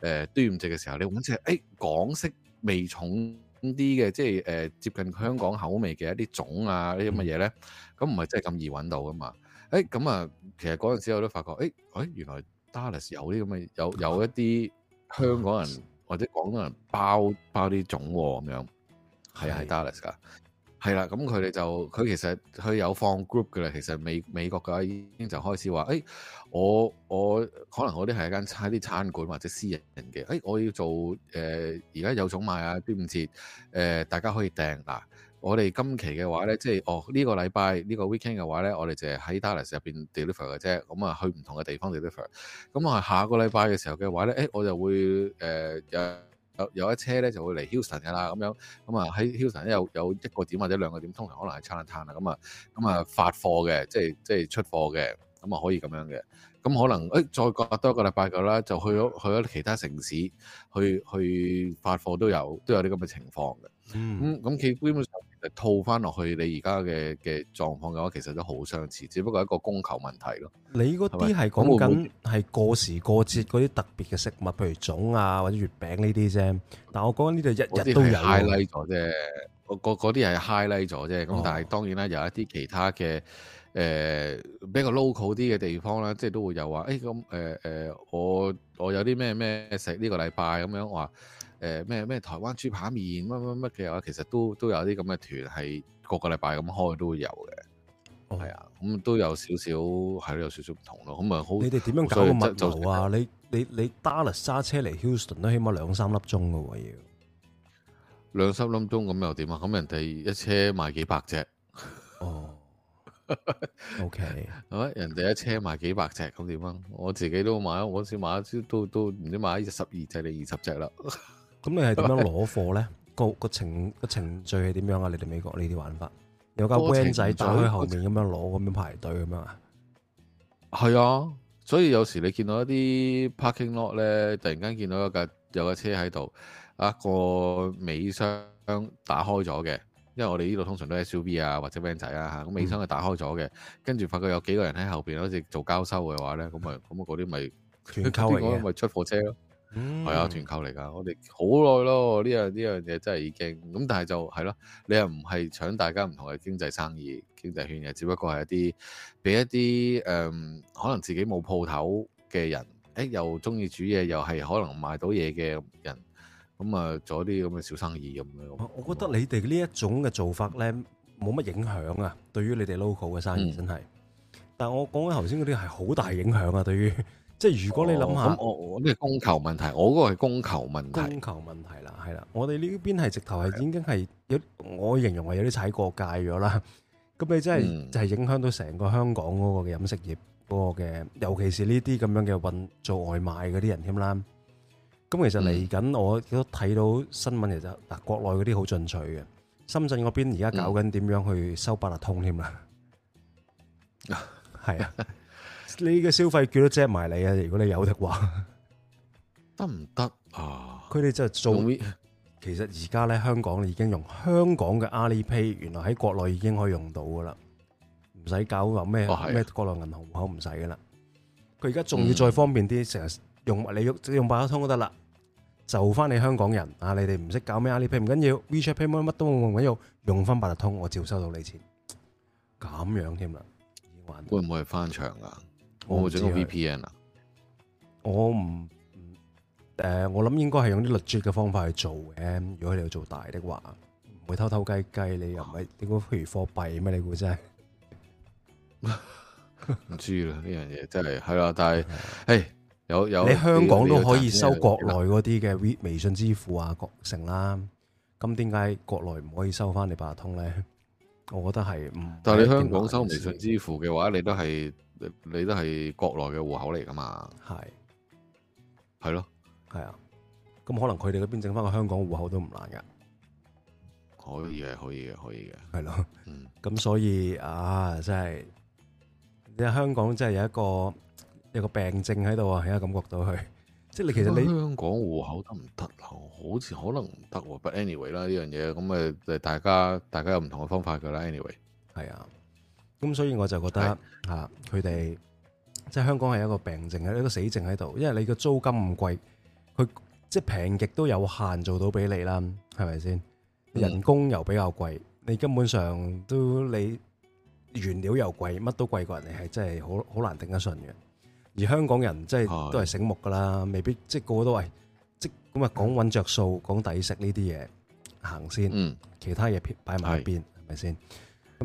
誒端午節嘅時候，你揾隻誒廣式味重啲嘅即係誒、呃、接近香港口味嘅一啲種啊，這呢啲乜嘢咧？咁唔係真係咁易揾到㗎嘛？誒咁啊，其實嗰陣時我都發覺，誒、哎、誒原來 Dallas 有啲咁嘅有有一啲香港人 或者廣東人包包啲種喎、啊，咁樣係係 Dallas 㗎。是是係啦，咁佢哋就佢其實佢有放 group 嘅啦。其實美美國嘅話已經就開始話，誒、欸、我我可能我啲係一間差啲餐館或者私人營嘅，誒、欸、我要做誒而家有種賣啊，端午節誒大家可以訂嗱，我哋今期嘅話咧，即、就、係、是、哦、這個這個、呢個禮拜呢個 weekend 嘅話咧，我哋就係喺 Dallas 入邊 deliver 嘅啫。咁啊去唔同嘅地方 deliver。咁我下個禮拜嘅時候嘅話咧，誒、欸、我就會誒有。呃有有一車咧就會嚟 Houston 嘅啦，咁樣咁啊喺 Houston 有有一個點或者兩個點，通常可能係餐攤啦，咁啊咁啊發貨嘅，即係即係出貨嘅，咁啊可以咁樣嘅，咁可能誒、欸、再過多一個禮拜就啦，就去咗去咗其他城市去去發貨都有都有啲咁嘅情況嘅，嗯，咁咁佢基本上。套翻落去你而家嘅嘅狀況嘅話，其實都好相似，只不過係一個供求問題咯。你嗰啲係講緊係過時過節嗰啲特別嘅食物，譬如粽啊或者月餅呢啲啫。但係我講緊呢度日日都有。嗰啲係 highlight 咗啫，嗰啲係 highlight 咗啫。咁、哦、但係當然啦，有一啲其他嘅誒、呃、比較 local 啲嘅地方啦，即係都會有話，誒咁誒誒，我我有啲咩咩食呢個禮拜咁樣話。誒咩咩台灣豬扒麵乜乜乜嘅話，其實都都有啲咁嘅團，係個個禮拜咁開都會有嘅，係啊、oh. 嗯，咁都有少少係都有少少唔同咯。咁、嗯、啊，你哋點樣搞，穩搞個物流？啊？你你你 Dallas 揸車嚟 Houston 都起碼兩三粒鐘嘅喎，要兩三粒鐘咁又點啊？咁人哋一車賣幾百隻，哦，OK 係人哋一車賣幾百隻咁點啊？我自己都買，我先買都都唔知買十二隻定二十隻啦。咁你係點樣攞貨咧？個個程，程車車車面個程序係點樣啊？你哋美國呢啲玩法有架 van 仔打開後面咁樣攞，咁樣排隊咁樣啊？係啊，所以有時你見到一啲 parking lot 咧，突然間見到有架有架車喺度，啊個尾箱打開咗嘅，因為我哋呢度通常都 SUV 啊或者 van 仔啊吓，咁尾箱係打開咗嘅，嗯、跟住發覺有幾個人喺後邊，好似做交收嘅話咧，咁啊咁嗰啲咪團購嘅咪出貨車咯，啊。係啊，團購嚟噶，我哋好耐咯，呢樣呢樣嘢真係已經咁，但係就係咯，你又唔係搶大家唔同嘅經濟生意、經濟圈嘅，只不過係一啲俾一啲誒，可能自己冇鋪頭嘅人，誒又中意煮嘢，又係可能賣到嘢嘅人，咁啊做啲咁嘅小生意咁樣。我覺得你哋呢一種嘅做法咧，冇乜影響啊，對於你哋 local 嘅生意真係。但係我講緊頭先嗰啲係好大影響啊，對於。即係如果你諗下，咁我我呢個供求問題，我嗰個係供求問題，供求問題啦，係啦，我哋呢邊係直頭係已經係有，我形容係有啲踩過界咗啦。咁你真係就係影響到成個香港嗰個嘅飲食業，嗰個嘅，尤其是呢啲咁樣嘅運做外賣嗰啲人添啦。咁其實嚟緊我都睇到新聞其實，嗱，國內嗰啲好進取嘅，深圳嗰邊而家搞緊點樣去收八達通添啦，係啊。你嘅消費券都遮埋你啊！如果你有嘅話，得唔得啊？佢、哦、哋就做。微其實而家咧，香港已經用香港嘅 AliPay 原來喺國內已經可以用到噶啦，唔使搞話咩咩國內銀行戶口唔使噶啦。佢而家仲要再方便啲，成、嗯、日用物理用八達通都得啦。就翻你香港人啊！你哋唔識搞咩 AliPay 唔緊要，WeChat Pay 乜都唔緊要，Chat, ment, 用翻八達通我照收到你錢。咁樣添啦，還會唔會翻牆啊？我會做 VPN 啊！我唔誒、呃，我諗應該係用啲 legit 嘅方法去做嘅。如果你要做大的話，唔會偷偷雞雞你又唔係點解？譬如貨幣咩？你估 真係唔知啦！呢樣嘢真係係啦，但係誒的有有你香港你你都可以收國內嗰啲嘅微信支付啊，國城啦。咁點解國內唔可以收翻你八達通咧？我覺得係唔但係你香港收微信支付嘅話，你都係。你都係國內嘅戶口嚟噶嘛？係的，係咯的，係啊。咁可能佢哋嗰邊整翻個香港戶口都唔難嘅。可以嘅，可以嘅，可以嘅。係咯，嗯。咁所以啊，真係，你喺香港真係有一個有一個病症喺度啊，而家感覺到佢，即係你其實你香港戶口得唔得？好似可能唔得，but anyway 啦呢樣嘢，咁誒大家大家有唔同嘅方法噶啦。anyway，係啊。是咁所以我就覺得吓佢哋即係香港係一個病症，係一個死症喺度。因為你個租金唔貴，佢即係平極都有限做到俾你啦，係咪先？嗯、人工又比較貴，你根本上都你原料又貴，乜都貴過人，你係真係好好難頂得順嘅。而香港人即係是都係醒目噶啦，未必即係個個都係即係咁啊，講搵着數，講抵食呢啲嘢行先，嗯、其他嘢撇擺埋一邊，係咪先？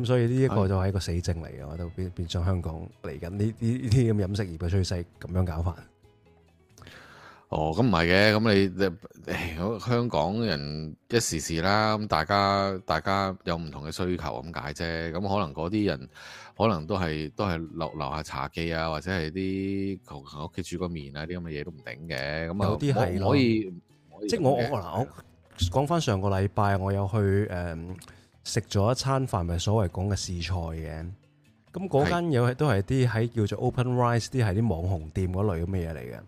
咁、嗯、所以呢一個就係一個死症嚟嘅，都的變變相香港嚟緊呢呢呢啲咁飲食業嘅趨勢咁樣搞法。哦，咁唔係嘅，咁你你，你香港人一時時啦，咁大家大家有唔同嘅需求咁解啫。咁可能嗰啲人可能都係都係落留，留下茶記啊，或者係啲同喺屋企煮個麵啊啲咁嘅嘢都唔頂嘅。咁有啲係可以，可以可以即係我我嗱，講翻上個禮拜，我有去誒。嗯食咗一餐飯咪所謂講嘅試菜嘅，咁嗰間有係都係啲喺叫做 Open Rice 啲係啲網紅店嗰類咁嘅嘢嚟嘅。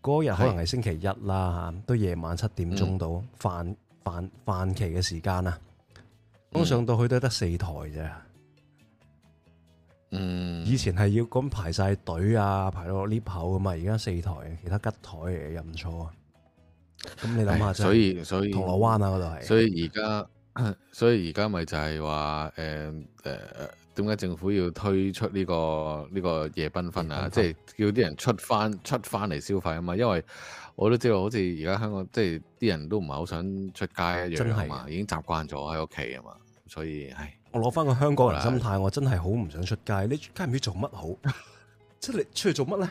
嗰、那個、日可能係星期一啦吓，是都夜晚七點鐘到，飯飯飯期嘅時間啊。我、嗯、上到去都得四台啫，嗯，以前係要咁排晒隊啊，排到 𨋢 口咁嘛。而家四台，其他吉台嚟嘅又唔錯啊。咁你諗下，所以所以銅鑼灣啊嗰度係，所以而家。所以而家咪就係話誒誒誒點解政府要推出呢個呢個夜繽紛啊？即係叫啲人出翻出翻嚟消費啊嘛，因為我都知道好似而家香港即係啲人都唔係好想出街一樣啊嘛，真的的已經習慣咗喺屋企啊嘛，所以係我攞翻個香港人心態，的我真係好唔想出街。你而家唔知做乜好，即 係你出去做乜咧？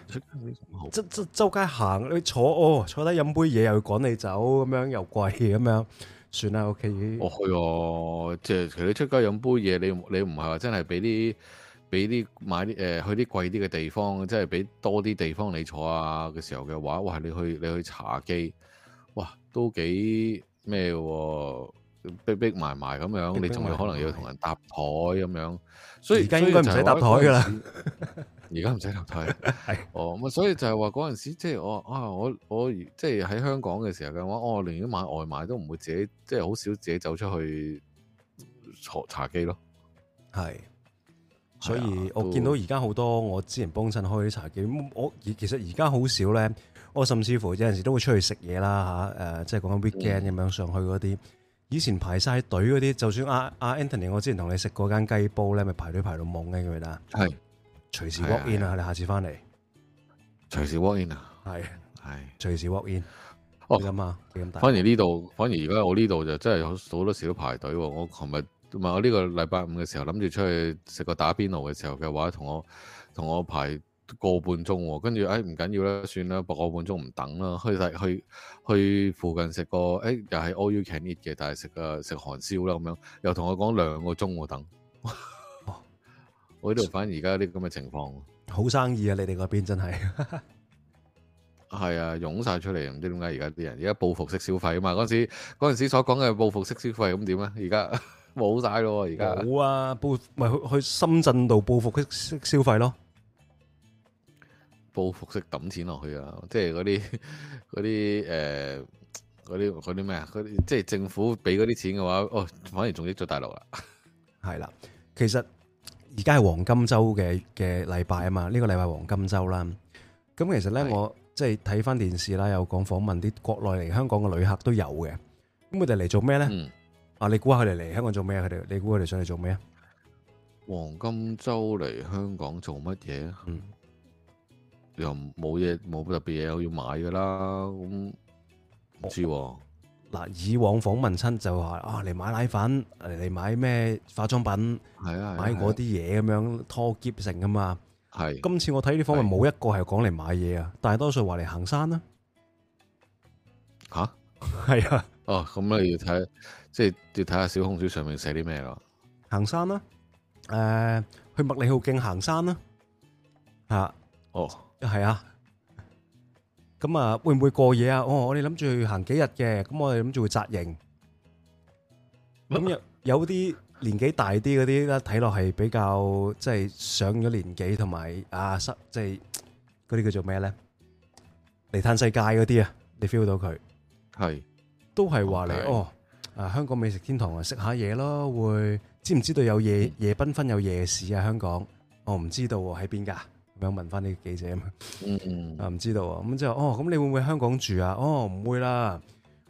即即周街行你坐哦，坐低飲杯嘢又要趕你走，咁樣又貴咁樣。算啦，OK。我去、哦啊，即係除咗出街飲杯嘢，你你唔係話真係俾啲俾啲買啲誒去啲貴啲嘅地方，即係俾多啲地方你坐下嘅時候嘅話，哇！你去你去茶記，哇，都幾咩喎？逼埋埋咁樣，你仲係可能要同人搭台咁樣，所以而家應該唔使搭台噶啦。 而家唔使留低，係 是哦，咁所以就係話嗰陣時，即係我啊，我我，我即係喺香港嘅時候嘅話，我連買買都買外賣都唔會自己，即係好少自己走出去坐茶記咯。係，所以、哎、呀我見到而家好多我之前幫襯開啲茶記，我其實而家好少咧，我甚至乎有陣時都會出去食嘢啦吓，誒、啊呃，即係講緊 weekend 咁樣、嗯、上去嗰啲，以前排晒隊嗰啲，就算阿、啊、阿、啊、Anthony 我之前同你食嗰間雞煲咧，咪排隊排到懵嘅咁樣係。隨時 walk in 啊！的你下次翻嚟，隨時 walk in 啊！係係的的隨時 walk in 的。哦咁啊，幾咁大。反而呢度，反而而家我呢度就真係好好多時都排隊喎、啊。我琴日唔係我呢個禮拜五嘅時候諗住出去食個打邊爐嘅時候嘅話，同我同我排個半鐘喎、啊。跟住誒唔緊要啦，算啦，搏個半鐘唔等啦，去去去附近食個誒、哎、又係 all you can eat 嘅，但係食啊食韓燒啦咁樣，又同我講兩個鐘喎、啊、等。我呢度反而而家啲咁嘅情況，好生意啊！你哋嗰邊真係，係 啊，湧晒出嚟啊！唔知點解而家啲人而家報復式消費啊嘛？嗰時嗰陣時所講嘅報復式消費咁點咧？而家冇晒咯，而家冇啊！報咪去去深圳度報復式消費咯，報復式抌錢落去啊！即係嗰啲嗰啲誒嗰啲嗰啲咩啊？嗰啲、呃、即係政府俾嗰啲錢嘅話，哦，反而仲益咗大陸啦，係 啦、啊，其實。而家係黃金週嘅嘅禮拜啊嘛，呢個禮拜黃金週啦。咁其實咧，我即係睇返電視啦，有講訪問啲國內嚟香港嘅旅客都有嘅。咁佢哋嚟做咩咧？啊，你估下佢哋嚟香港做咩啊？佢哋，你估佢哋想嚟做咩啊？黃金週嚟香港做乜嘢啊？又冇嘢，冇特別嘢，我要買㗎啦。咁唔知喎。嗱，以往訪問親就話啊嚟買奶粉，嚟買咩化妝品，的買嗰啲嘢咁樣拖篋成噶嘛。係的。今次我睇啲訪問冇的一個係講嚟買嘢啊，大多數話嚟行山啊。吓？係啊。 的哦，咁你要睇，即係要睇下小紅書上面寫啲咩咯。行山啦、啊，誒、呃，去麥理浩徑行山啦、啊。嚇、啊！哦，係啊。咁啊，會唔會過夜啊？哦，我哋諗住去行幾日嘅，咁我哋諗住會紮營。咁有有啲年紀大啲嗰啲咧，睇落係比較即係上咗年紀，同埋啊失即係嗰啲叫做咩咧？嚟嘆世界嗰啲啊，你 feel 到佢係都係話你哦。啊，香港美食天堂啊，食下嘢咯，會知唔知道有夜夜繽紛有夜市啊？香港我唔知道喎，喺邊噶？咁樣問翻啲記者啊嘛，啊，唔知道啊，咁之後哦，咁你會唔會香港住啊？哦，唔會啦，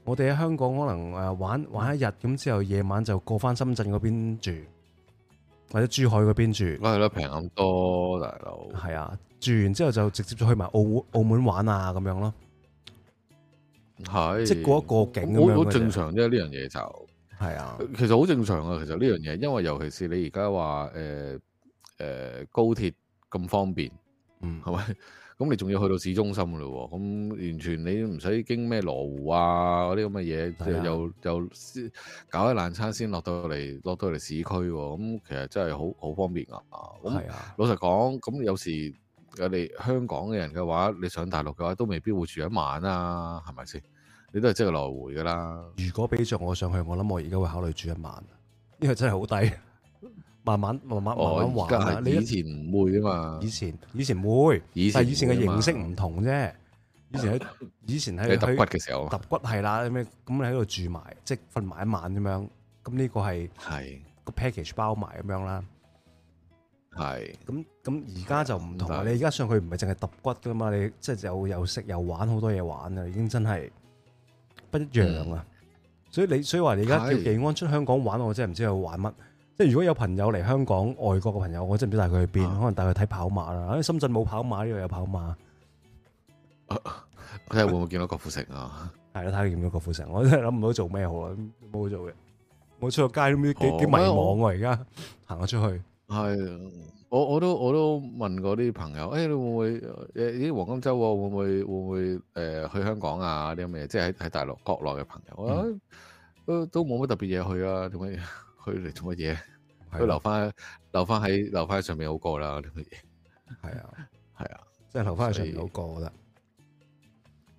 我哋喺香港可能誒玩玩一日，咁之後夜晚就過翻深圳嗰邊住，或者珠海嗰邊住，係咯，平咁多大佬。係啊，住完之後就直接再去埋澳澳門玩啊，咁樣咯，係即係過一過境咁樣嘅啫。好正常，因為呢樣嘢就係啊，其實好正常啊。其實呢樣嘢，因為尤其是你而家話誒誒高鐵。咁方便，嗯，係咪？咁你仲要去到市中心噶咯？咁完全你唔使經咩羅湖啊嗰啲咁嘅嘢，又又、啊、搞一晚餐先落到嚟，落到嚟市區。咁其實真係好好方便噶、啊。咁、啊、老實講，咁有時我哋香港嘅人嘅話，你上大陸嘅話都未必會住一晚啊，係咪先？你都係即係來回噶啦。如果俾着我上去，我諗我而家會考慮住一晚，因為真係好抵。慢慢慢慢慢慢玩啊！你以前唔會啊嘛，以前以前會，但係以前嘅形式唔同啫。以前喺以前喺佢揼骨嘅時候，揼骨係啦。咩咁你喺度住埋，即係瞓埋一晚咁樣。咁呢個係個 package 包埋咁樣啦。係。咁咁而家就唔同啦。你而家上去唔係淨係揼骨噶嘛？你即係又又食又玩好多嘢玩啊！已經真係不一樣啊！所以你所以話你而家叫地安出香港玩，我真係唔知佢玩乜。即係如果有朋友嚟香港、外國嘅朋友，我真係唔知帶佢去邊，啊、可能帶佢睇跑馬啦。喺深圳冇跑馬，呢度有跑馬。睇下、啊、會唔會見到郭富城啊？係啦， 睇下見到郭富城，我真係諗唔到做咩好做、嗯、啊，冇做嘅。冇出過街都幾幾迷茫啊！而家行咗出去，係我我都我都問過啲朋友，誒、哎，你會唔會誒？啲黃金周、啊、會唔會會唔會誒、呃、去香港啊？啲咁嘅嘢？即係喺喺大陸國內嘅朋友，誒、嗯哎，都冇乜特別嘢去啊，點解？佢嚟做乜嘢？佢留翻、啊、留翻喺留翻喺上面好過啦！啲乜嘢？係啊，係啊，即係留翻喺上面好過，以我覺得。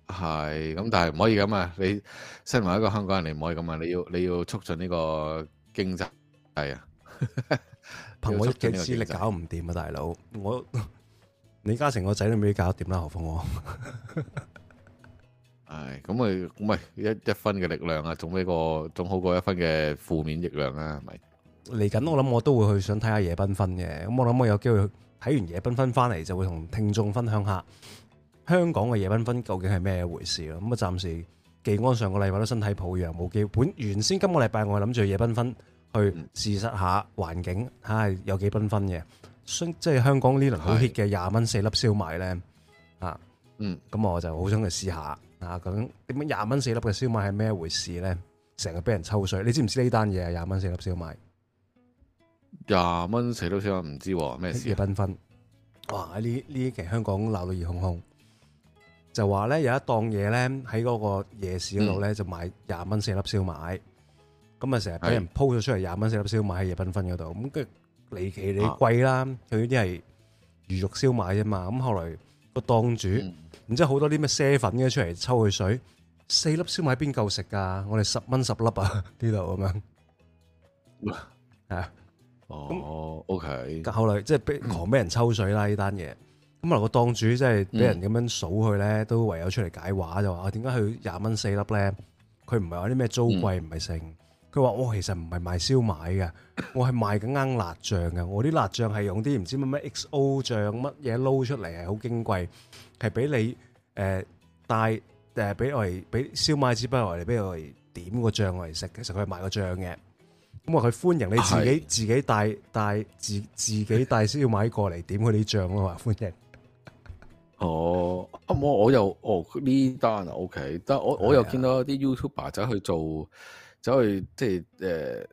係，咁但係唔可以咁啊！你身為一個香港人，你唔可以咁啊！你要你要促進呢個經濟，係啊！ 憑我一己之力搞唔掂啊，大佬！我李嘉誠個仔都未搞掂啦、啊，何況我。 係咁啊，唔係一一分嘅力量啊，總比個總好過一分嘅負面力量啦，係咪？嚟緊我諗我都會去看看，我想睇下夜繽紛嘅，咁我諗我有機會睇完夜繽紛翻，嚟就會同聽眾分享下香港嘅夜繽紛究竟係咩回事咯。咁啊，暫時既安上個禮拜都身體抱恙，冇基本。原先今個禮拜我諗住夜繽紛去試實下環境，睇下、嗯啊、有幾繽紛嘅。即係香港輪呢輪好 hit 嘅廿蚊四粒燒賣咧，是啊，嗯，咁我就好想去試下。啊咁點解廿蚊四粒嘅燒賣係咩回事咧？成日俾人抽水，你知唔知呢單嘢係廿蚊四粒燒賣？廿蚊四粒燒賣唔知咩、啊、事、啊？夜夜繽紛哇！呢呢期香港鬧到熱烘烘，就話咧有一檔嘢咧喺嗰個夜市嗰度咧就賣廿蚊四粒燒賣，咁啊成日俾人 po 咗出嚟廿蚊四粒燒賣喺夜繽紛嗰度，咁跟住嚟你嚟貴啦，佢啲係魚肉燒賣啫嘛，咁後來。個檔主，然之後好多啲咩啡粉嘅出嚟抽佢水，四粒燒賣喺邊夠食噶？我哋十蚊十粒啊，呢度咁樣，係、嗯、啊，哦、嗯、OK。後來即係狂俾人抽水啦呢單嘢，咁啊個檔主即係俾人咁樣數佢咧，嗯、都唯有出嚟解話就話，點解佢廿蚊四粒咧？佢唔係話啲咩租貴唔係盛。嗯佢話、哦： 我其實唔係賣燒賣嘅，我係賣緊啱辣醬嘅。我啲辣醬係用啲唔知乜乜 XO 醬乜嘢撈出嚟，係好矜貴，係俾你誒帶誒俾我哋俾燒賣紙不來，你俾我哋點個醬嚟食。其實佢係賣個醬嘅。咁啊，佢歡迎你自己是、啊、自己帶帶自自己帶燒賣過嚟點佢啲醬咯，話歡迎哦。哦，咁、okay，我是、啊、我又哦呢單啊 OK，但我我又見到啲 YouTuber 仔去做。走去即係誒、呃、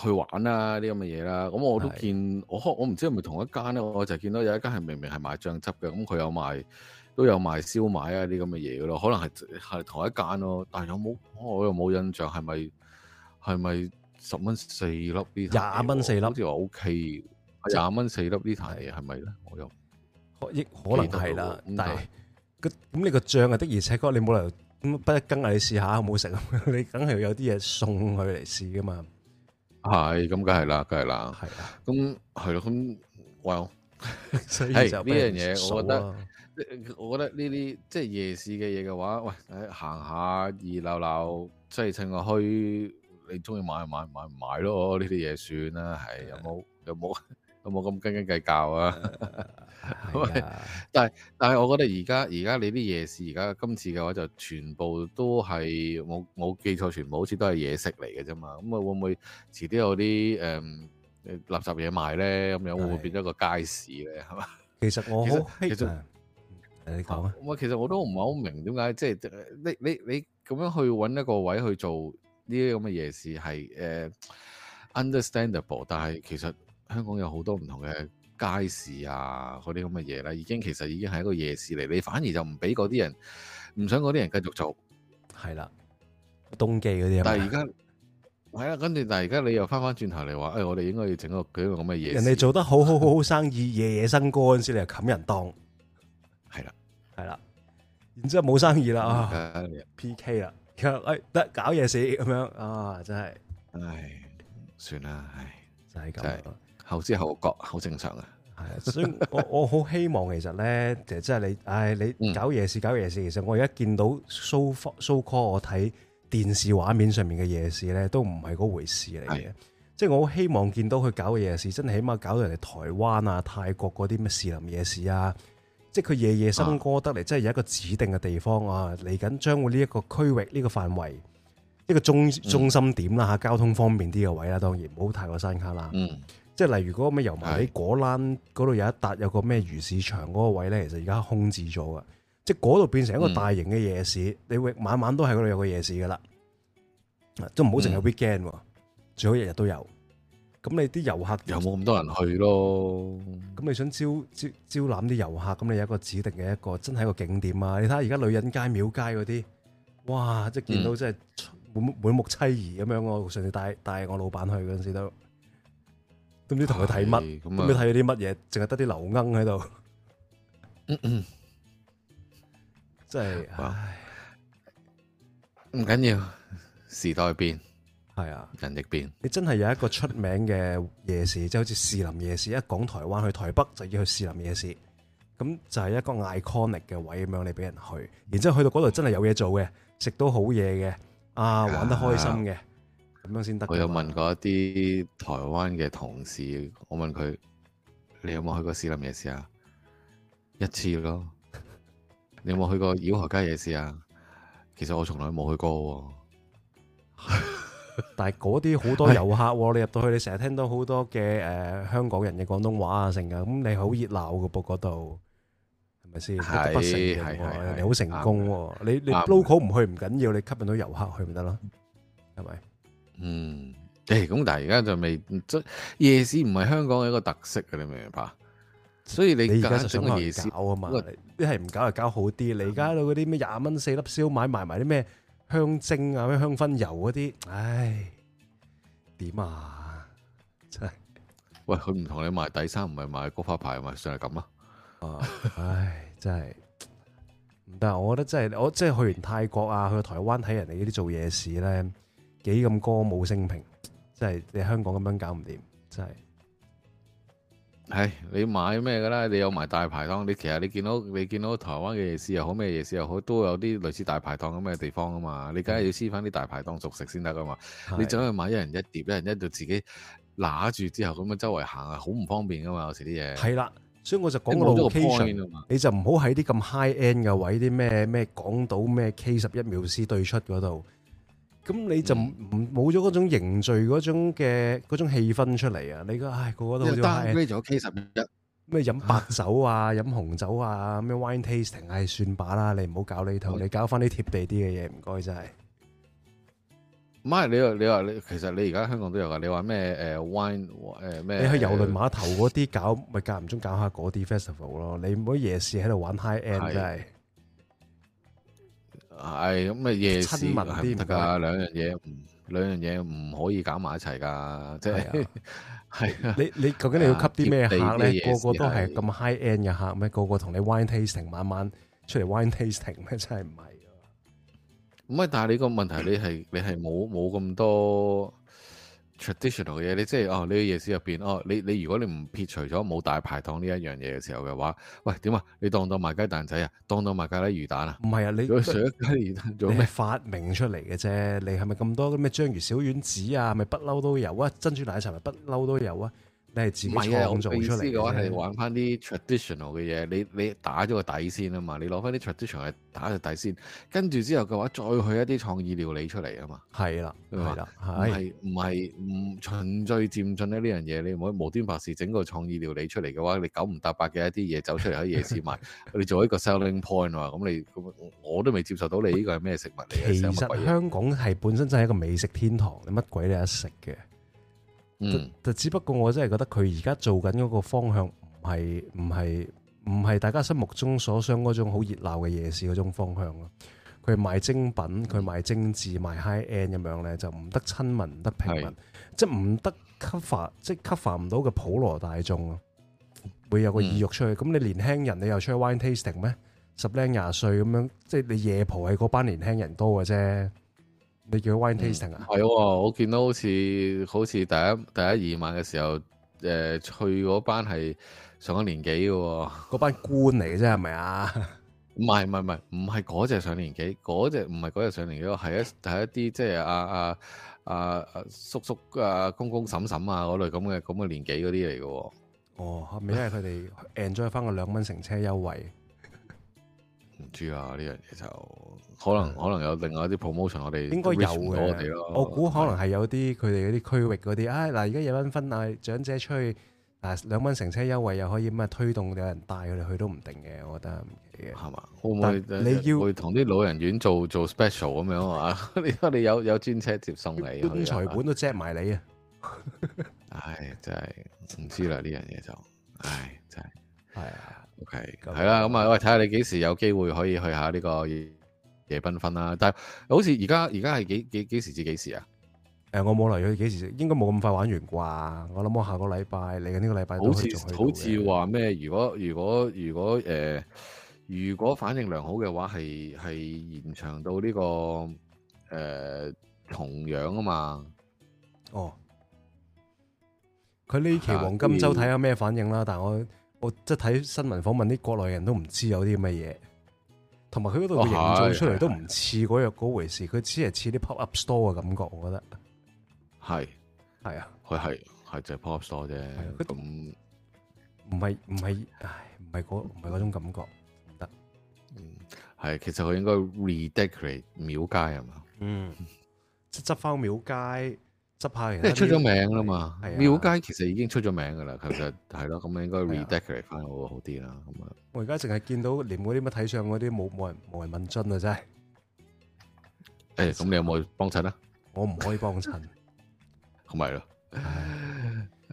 去玩啦啲咁嘅嘢啦，咁我都見的我我唔知係咪同一間咧，我就見到有一間係明明係賣醬汁嘅，咁佢有賣都有賣燒賣啊啲咁嘅嘢嘅咯，可能係係同一間咯、啊，但係有冇我又冇印象係咪係咪十蚊四粒呢？廿蚊四粒即似話 O K，廿蚊四粒呢台係咪咧？我又亦、OK，可能係啦，但係個咁你個醬啊的而且確你冇理由。咁不得跟你試下好唔好食？你梗係 有啲嘢送佢嚟試噶嘛？係咁，梗係啦，梗係啦。係啊，咁係咯，咁喂，所以呢樣嘢，我覺得，我覺得呢啲即係夜市嘅嘢嘅話，喂，行下熱鬧鬧，即係、就是、趁我墟，你中意買就買，不買，不買，不買，唔買唔買咯，呢啲嘢算啦。係的有冇有冇有冇咁斤斤計較啊？的 喂、啊，但係但係，我覺得而家而家你啲夜市，而家今次嘅話就全部都係冇我，我記錯，全部好似都係嘢食嚟嘅啫嘛。咁啊，會唔會遲啲有啲誒垃圾嘢賣咧？咁樣會唔會變咗個街市咧？係嘛是吧？其實我其實其實你講啊，我其實我都唔係好明點解，即、就、係、是、你你你咁樣去揾一個位去做呢啲咁嘅夜市係誒、uh, understandable，但係其實香港有好多唔同嘅。街市啊，嗰啲咁嘅嘢啦，已經其實已經係一個夜市嚟，你反而就唔俾嗰啲人，唔想嗰啲人繼續做，係啦，冬季嗰啲但係而家係啊，跟住但係而家你又翻翻轉頭嚟話，誒、哎，我哋應該要整個幾樣咁嘅嘢。人哋做得好好好好 生意，夜夜笙歌先陣你又冚人檔，係啦的，係啦，然之後冇生意啦，P K 啦，哎得搞夜市咁樣啊，真係，唉，算啦，唉、就是，就係咁。後知後覺，好正常呀。係，所以我我好希望其實咧，其實即係你，唉、哎，你搞夜市，嗯、搞夜市。其實我而家見到 so call，我睇電視畫面上面嘅夜市咧，都唔係嗰回事嚟嘅。是的 即係我好希望見到佢搞嘅夜市，真係起碼搞到人哋台灣啊、泰國嗰啲咩士林夜市啊，即係佢夜夜笙歌得嚟，即係、啊、有一個指定嘅地方啊，嚟緊將會呢一個區域、呢、這個範圍、一、這個中中心點啦吓，嗯、交通方便啲嘅位啦，當然唔好太過山卡啦。嗯。即係例如嗰個咩油麻地果欄嗰度有一笪有個咩魚市場嗰個位咧，其實而家空置咗噶。即係嗰度變成一個大型嘅夜市，嗯、你晚晚都喺嗰度有個夜市噶啦。都唔好淨係 weekend、嗯、最好日日都有。咁你啲遊客又冇咁多人去咯。咁你想招招招攬啲遊客，咁你有一個指定嘅一個真係一個景點啊！你睇下而家女人街、廟街嗰啲，哇！即係見到真係滿滿目妻兒咁樣，嗯、我上次帶帶我老闆去嗰陣時都。都唔知同佢睇乜，的都唔知睇咗啲乜嘢，淨係得啲流鶯喺度， 真係的，唉，唔緊要，時代變，係啊，人亦變。你真係有一個出名嘅夜市，即係 好似士林夜市，一講台灣去台北就要去士林夜市，咁就係一個 iconic 嘅位咁樣，你俾人去，然之後去到嗰度真係有嘢做嘅，食到好嘢嘅，啊，玩得開心嘅。啊咁樣先得。我有問過一啲台灣嘅同事，我問佢：你有冇去過士林夜市啊？一次咯。 你有冇去過饒河街夜市啊？其實我從來冇去過。 但係嗰啲好多遊客，啊，你入到去，你成日聽到好多嘅誒、呃、香港人嘅廣東話啊，成日咁你好熱鬧㗎噃嗰度，係咪先？係係係。你好成功，你你 local 唔去唔緊要，你吸引到遊客去咪得咯？係咪對？是嗯，誒，咁但係而家就未，即夜市唔係香港嘅一個特色嘅，你明唔明白？所以你而家想夜市，一係唔搞就搞好啲，你而家到嗰啲咩廿蚊四粒燒賣，買埋埋啲咩香精啊、香薰油嗰啲，唉，點啊？真係，喂，佢唔同你賣底衫，唔係賣菊花牌，咪算係咁啊？啊，唉，真係，但係我覺得真係，我即係去完泰國啊，去台灣睇人哋呢啲做夜市咧。幾咁歌舞升平，即係你香港咁樣搞唔掂，真係。係、哎、你買咩噶啦？你有埋大排檔，你其實你見到你見到台灣嘅夜市又好，咩夜市又好，都有啲類似大排檔咁嘅地方啊嘛。嗯、你梗係要黐翻啲大排檔熟食先得噶嘛。的你走去買一人一碟，一人一碟自己拿住之後咁樣周圍行啊，好唔方便噶嘛。有時啲嘢。係啦，所以我就講個 location，你就唔好喺啲咁 high end 嘅位，啲咩咩港島咩 K 十一 Musea 對出嗰度。咁你就唔，冇咗嗰種凝聚嗰種嘅嗰種氣氛出嚟啊！你覺得，唉，個個都好似單飛，仲有 K 十一咩飲白酒啊，飲紅酒啊，咩 wine tasting，唉，算吧啦，你唔好搞呢套，你搞翻啲貼地啲嘅嘢唔該，真係唔係。你話你話你其實你而家香港都有噶，你話咩誒，wine，誒，咩你去郵輪碼頭嗰啲搞，咪間唔中搞下嗰啲 festival，咯，你唔好夜市喺度玩 high end 真係。係咁啊，哎、夜市唔得噶，兩樣嘢，兩樣嘢唔可以搞埋一齊噶，即係係啊你你究竟你要吸啲咩客咧？個個都係咁 high end 嘅客咩？個個同你 wine tasting 晚晚出嚟 wine tasting 咩、啊？真係唔係，唔係。但係你個問題你，你係你係冇冇咁多。traditional 嘅嘢，你即係哦，你喺夜市入邊哦，你你如果你唔撇除咗冇大排檔呢一樣嘢嘅時候嘅話，喂點啊？你當當賣雞蛋仔啊，當當賣咖喱魚蛋啊？唔係啊，你除咗咖喱魚蛋，你係發明出嚟嘅啫。你係咪咁多咩章魚小丸子啊？咪不嬲都有啊！珍珠奶茶咪不嬲都有啊！你係自己做出嚟嘅？唔係，我意思嘅話係玩翻啲 traditional 嘅嘢，你你打咗個底先啊嘛，你攞翻啲 traditional 去打個底先，跟住之後嘅話再去一啲創意料理出嚟啊嘛，係啦，係啦，唔係唔係唔循序漸進咧呢樣嘢，你唔可以無端白事整個創意料理出嚟嘅話，你九唔搭八嘅一啲嘢走出嚟喺夜市賣， 你做一個 selling point 啊，咁你我都未接受到你呢個係咩食物嚟？其實香港係本身真係一個美食天堂，你乜鬼都有得食嘅。就只不過我真係覺得佢而家做緊嗰個方向唔係，係唔係唔係大家心目中所想嗰種好熱鬧嘅夜市嗰種方向咯？佢賣精品，佢賣精緻，賣 high end 咁樣咧，就唔得親民，唔得平民，即係唔得 cover，即係 cover 唔到嘅普羅大眾咯。會有個意欲出去？咁、嗯、你年輕人，你又出去 wine tasting 咩？十零廿歲咁樣，即、就、係、係、你夜蒲係嗰班年輕人多嘅啫。你叫 wine tasting 啊，嗯？係、哦，我見到好似好似第一第一二晚嘅時候，誒、呃，去嗰班係上咗年紀嘅、哦，嗰班官嚟嘅啫，係咪啊？唔係唔係唔係，唔係嗰隻上年紀，嗰隻唔係嗰隻上年紀，係一係一啲即係阿阿阿叔叔啊公公嬸嬸啊嗰類咁嘅咁嘅年紀嗰啲嚟嘅。哦，係咪、哦？因為佢哋 enjoy 翻個兩蚊乘車優惠。唔知啊，呢樣嘢就。可能可能有另外一啲 promotion，我哋應該有嘅，我估可能係有啲佢哋嗰啲區域嗰啲，唉嗱，而家有蚊分呀長者出去，嗱兩蚊乘車優惠又可以乜推動有人帶佢哋去都唔定嘅，我覺得係嘛？會唔會你要去同啲老人院做做 special 咁樣啊？你你有有專車接送你棺材本都借埋你啊！唉，真係唔知啦呢樣嘢就，唉真係係啊，OK 係啦，咁啊喂，睇下你幾時有機會可以去下呢個。夜繽紛啦、啊，但係好似而家而家係幾幾幾時至幾時啊？誒、呃，我冇留意佢幾時，應該冇咁快玩完啩？我諗我下個禮拜嚟嘅呢個禮拜都好，好似好似話咩？如果如果如果誒，如果反應良好嘅話，係係延長到呢、這個誒、呃、重陽啊嘛？哦，佢呢期黃金周睇下咩反應啦。意但係我我即係睇新聞訪問啲國內人都唔知有啲乜嘢。同埋佢嗰度營造出嚟都唔似嗰樣嗰回事，佢、哦、只係似啲 pop-up store 嘅感覺，我覺得係係是啊，佢係係就係 pop-up store 啫，咁唔係唔係唔係嗰唔係嗰種感覺唔得。嗯，係，其實佢應該 redecorate 廟街係嘛？嗯，即係執翻廟街。即係出咗名啦嘛，係啊，廟街其實已經出咗名噶啦，其實係咯，咁應該 redecorate 翻好，好啲啦。咁啊，我而家淨係見到連嗰啲乜睇相嗰啲冇冇人冇人問津啊，真係。誒，咁你有冇幫襯啊？我唔可以幫襯，咁咪咯，唉。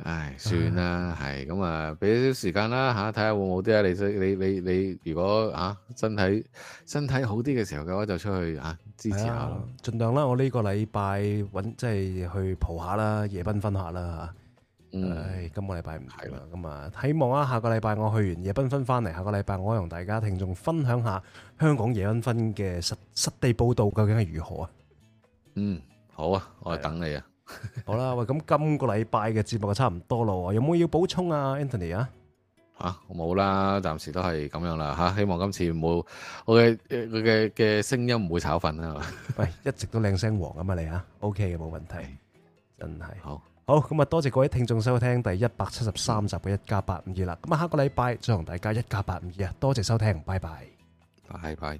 唉，算啦，係咁啊，俾少少時間啦吓，睇下會唔會好啲啊。你你你你，如果啊，身體身體好啲嘅時候嘅話，就出去啊，支持下咯。盡、嗯、量啦，我呢個禮拜搵，即係去蒲下啦，夜繽紛下啦、嗯、唉，今個禮拜唔係啦，咁啊的，希望啊，下個禮拜我去完夜繽紛翻嚟，下個禮拜我可以同大家聽眾分享下香港夜繽紛嘅實實地報道究竟係如何啊？嗯，好啊，我等你啊。好啦，喂，咁今個禮拜嘅節目就差唔多啦，有冇要補充啊，Anthony 啊？吓，我冇啦，暫時都係咁樣啦，吓，希望今次冇我嘅佢嘅嘅聲音唔會炒粉啊，喂，一直都靚聲王啊嘛你啊，OK 嘅，冇問題，真係好，好，咁啊多謝各位聽眾收聽第一百七十三集嘅一加八五二啦，咁啊下個禮拜再同大家一加八五二啊，多謝收聽，拜拜，拜拜。